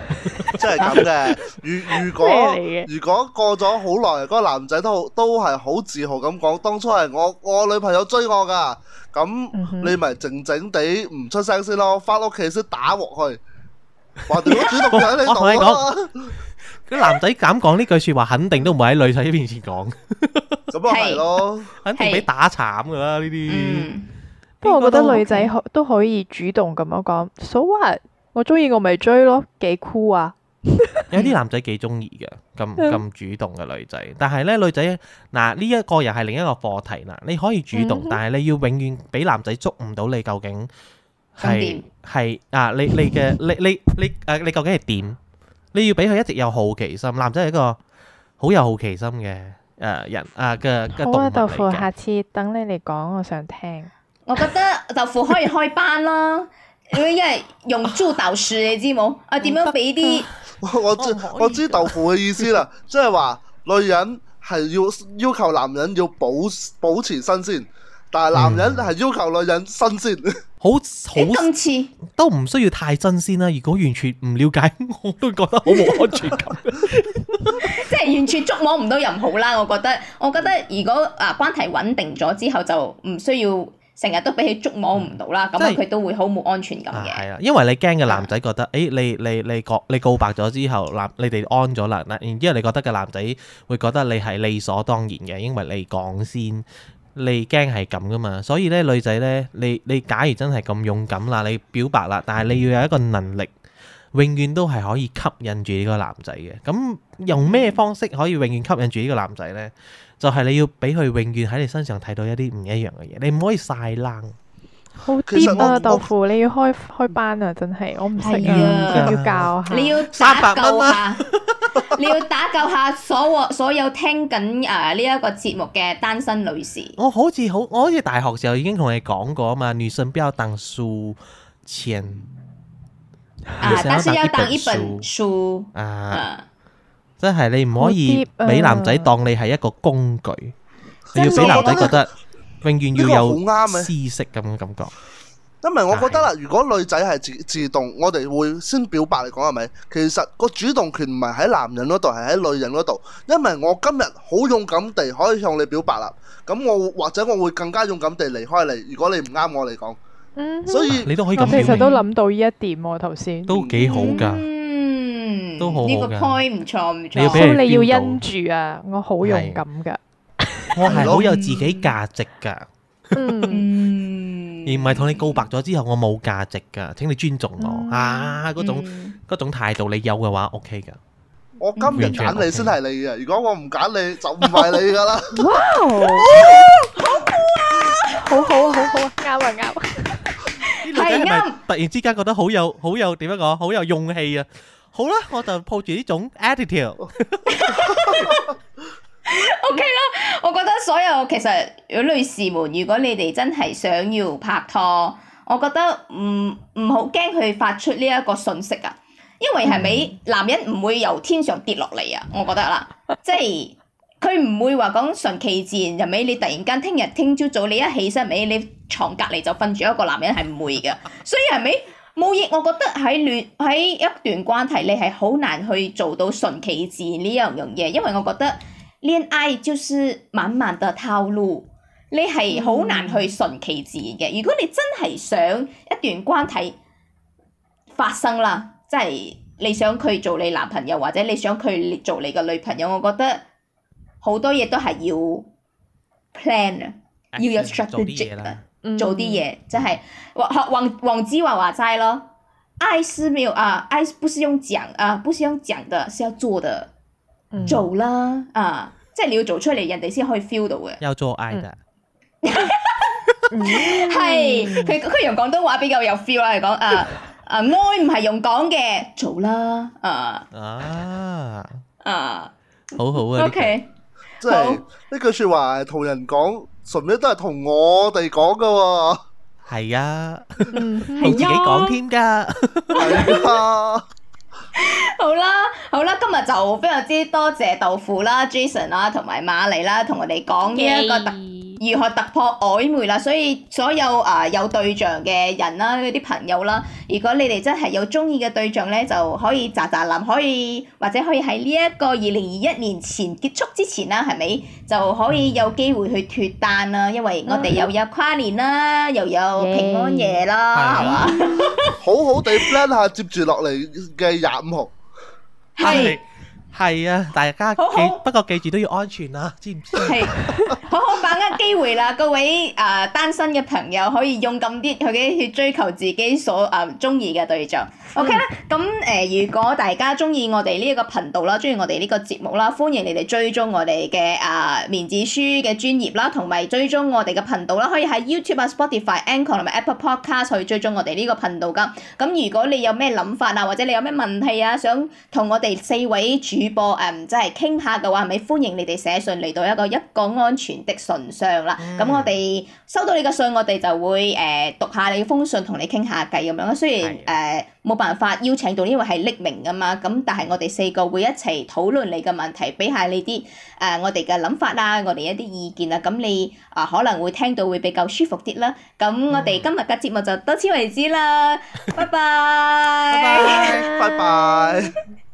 S4: 即係咁嘅。如如果如果過咗好耐，嗰、嗰個男仔都都係好自豪咁講，當初係我我女朋友追我噶，咁你咪靜靜地唔出聲先咯，翻屋企先打鑊去。
S2: 話屌主動喺你度啊！ 佢 男仔敢講呢句說話，肯定都唔會喺女仔呢邊先講。咁啊係咯，肯定俾打慘噶啦呢啲。
S3: 不過我覺得女仔可都可以主動咁樣講，so what？我中意我咪追咯，幾酷啊！
S2: 有啲男仔幾中意噶，咁咁主動嘅女仔。但係咧，女仔嗱呢一個又係另一個課題啦。你可以主動，但係你要永遠俾男仔捉唔到你，究竟係係、嗯、哼啊？你你嘅 你你你誒，你究竟係點？你要俾佢一直有好奇心。男仔係一個好有好奇心嘅誒人啊嘅。好啊，豆腐，
S3: 下次等你嚟講，我想聽。我覺得豆腐可以開班啦，因為用豬豆豉
S1: 你知冇？ 啊點樣俾啲？
S4: 我知我知豆腐嘅意思啦，即係話女人係要要求男人要保保持新鮮，但係男人係要求女人新鮮
S2: 好好咁似都唔需要太新鮮啦。如果完全唔了解，我都覺得好冇安全感。即
S1: 係完全捉摸唔到任何啦，我覺得，我覺得，我覺得如果啊關係穩定咗之後，就唔需要。成日都俾佢捉摸唔到啦，咁佢、嗯、都會好冇安全感嘅。係啊，
S2: 因為你驚嘅男仔覺得，誒的、哎、你你你告你告白咗之後，嗱你哋安咗啦，嗱然之後你覺得嘅男仔會覺得你係理所當然嘅，因為你講先，你驚係咁噶嘛。所以咧女仔咧，你你假如真係咁勇敢啦，你表白啦，但係你要有一個能力。嗯永遠都係可以吸引住呢個男仔嘅，咁用咩方式可以永遠吸引住呢個男仔咧？就係你要俾佢永遠喺你身上睇到一啲唔一樣嘅嘢，你唔可以曬冷。
S3: 好癲啊，豆腐！你要開開班啊，真係我唔識啊，要教下。你要
S1: 打救下，你要打救下所有所有聽緊誒呢一個節目嘅單身女士。
S2: 我好似好，我好似大學時候已經同你講過啊嘛，女生比較重數錢。啊！但是要打呢本書啊，真係你唔可以俾男仔當你係一個工具，你要俾男仔覺得永遠要有知識咁嘅感覺。
S4: 因為我覺得啦，如果女仔係自自動，我哋會先表白嚟，講係咪？其實個主動權唔係喺男人嗰度，係喺女人嗰度。因為我今日好勇敢地可以向你表白啦，咁我或者我會更加勇敢地離開
S3: 你。如果你唔啱我嚟講。所以你都可以咁樣，其實都諗到呢一點喎，頭先都
S2: 幾好噶。嗯，都好呢個
S3: point 唔錯唔錯。咁你要因住啊，我好勇敢噶。
S2: 我係好有自己價值噶，而唔係同你告白咗之後我冇價值噶，請你尊重我啊！嗰種嗰種態度你有嘅話 OK 噶。
S4: 我今日揀你先係你嘅，如果我唔揀你就唔係你噶啦。
S3: 好，好好啊，好好啊，啱啊，啱
S2: 啊，係啱。突然之間覺得好有好有點樣講， 好有勇氣啊！好啦，我就抱住呢種 attitude，OK
S1: okay、啦。我覺得所有其實女士們，如果你哋真係想要拍拖，我覺得唔唔好驚佢發出呢一個訊息啊，因為係咪男人唔會由天上跌落嚟啊？我覺得啦，即係。佢唔會話講順其自然，又咪？你突然間聽日聽朝早你一起身，咪你床隔離就瞓住一個男人，係唔會嘅。所以係咪冇嘢？我覺得喺戀喺一段關係，你係好難去做到順其自然呢樣嘢，因為我覺得戀愛就是慢慢嘅套路，你係好難去順其自然嘅。如果你真係想一段關係發生啦，即係你想佢做你男朋友或者你想佢做你嘅女朋友，我覺得。好多嘢都係要 plan，要有 strategy 做啲嘢真係，黃黃黃子華話齋咯，愛是沒有啊，愛不是用講啊，不是用講的，是要做的，做啦、嗯、啊，即係你要做出嚟人哋先可以 feel 到嘅，
S2: 要做愛嘅，
S1: 係佢佢用廣東話比較有 feel 嚟講啊啊，愛唔係用講嘅，做啦啊啊啊，好好啊，O K。
S4: 即係呢好句話說話同人講，順粹都係同我哋講
S1: 噶，
S2: 係啊，
S1: 同自己講添噶，好啦好啦，今日就非常之多謝豆腐啦、Jason 啦、同埋馬尼啦，同我哋講呢一個特。Okay. 如何突破曖昧啦？所以所有啊、呃、有對象嘅人啦，嗰啲朋友啦，如果你哋真係有中意嘅對象咧，就可以咋咋諗，可以或者可以喺呢一個二零二一年前結束之前啦，係咪就可以有機會去脱單啦？因為我哋又有跨年啦，又有平安夜啦，係嘛、嗯？
S4: 好好地 plan 下，接住落
S2: 嚟嘅廿五號，係。 係啊，大家，好，好。不過記住都要安全啊，知唔知？係，
S1: 好好把握機會啦，各位誒、呃、單身嘅朋友可以勇敢啲去追求自己所誒中意嘅對象。OK 啦、嗯，咁誒、呃，如果大家中意我哋呢一個頻道啦，中意我哋呢個節目啦，歡迎你哋追蹤我哋嘅誒面子書嘅專頁啦，同埋追蹤我哋嘅頻道啦，可以喺 YouTube 啊、Spotify、Anchor 同埋 Apple Podcast 去追蹤我哋呢個頻道㗎。咁如果你有咩諗法啊，或者你有咩問題啊，想同我哋四位主播誒，即係傾下嘅話，係咪歡迎你哋寫信嚟到一個一個安全的信箱啦？咁我哋收到你嘅信，我哋就會誒讀下你封信，同你傾下偈咁樣。雖然誒冇的、呃、辦法邀請到，呢個係匿名噶嘛。咁但係我哋四個會一齊討論你嘅問題，俾下你啲誒我哋嘅諗法啦，我哋一啲意見啦。咁你啊可能會聽到會比較舒服啲啦。咁、嗯嗯、我哋今日嘅節目就到此為止啦。 拜拜。 拜拜。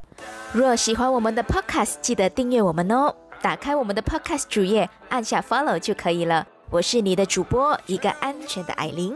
S1: 若喜歡我們的 podcast，記得訂閱我們哦！打開我們的 podcast 主頁，按下 follow 就可以了。我是你的主播，一個安全的藹羚。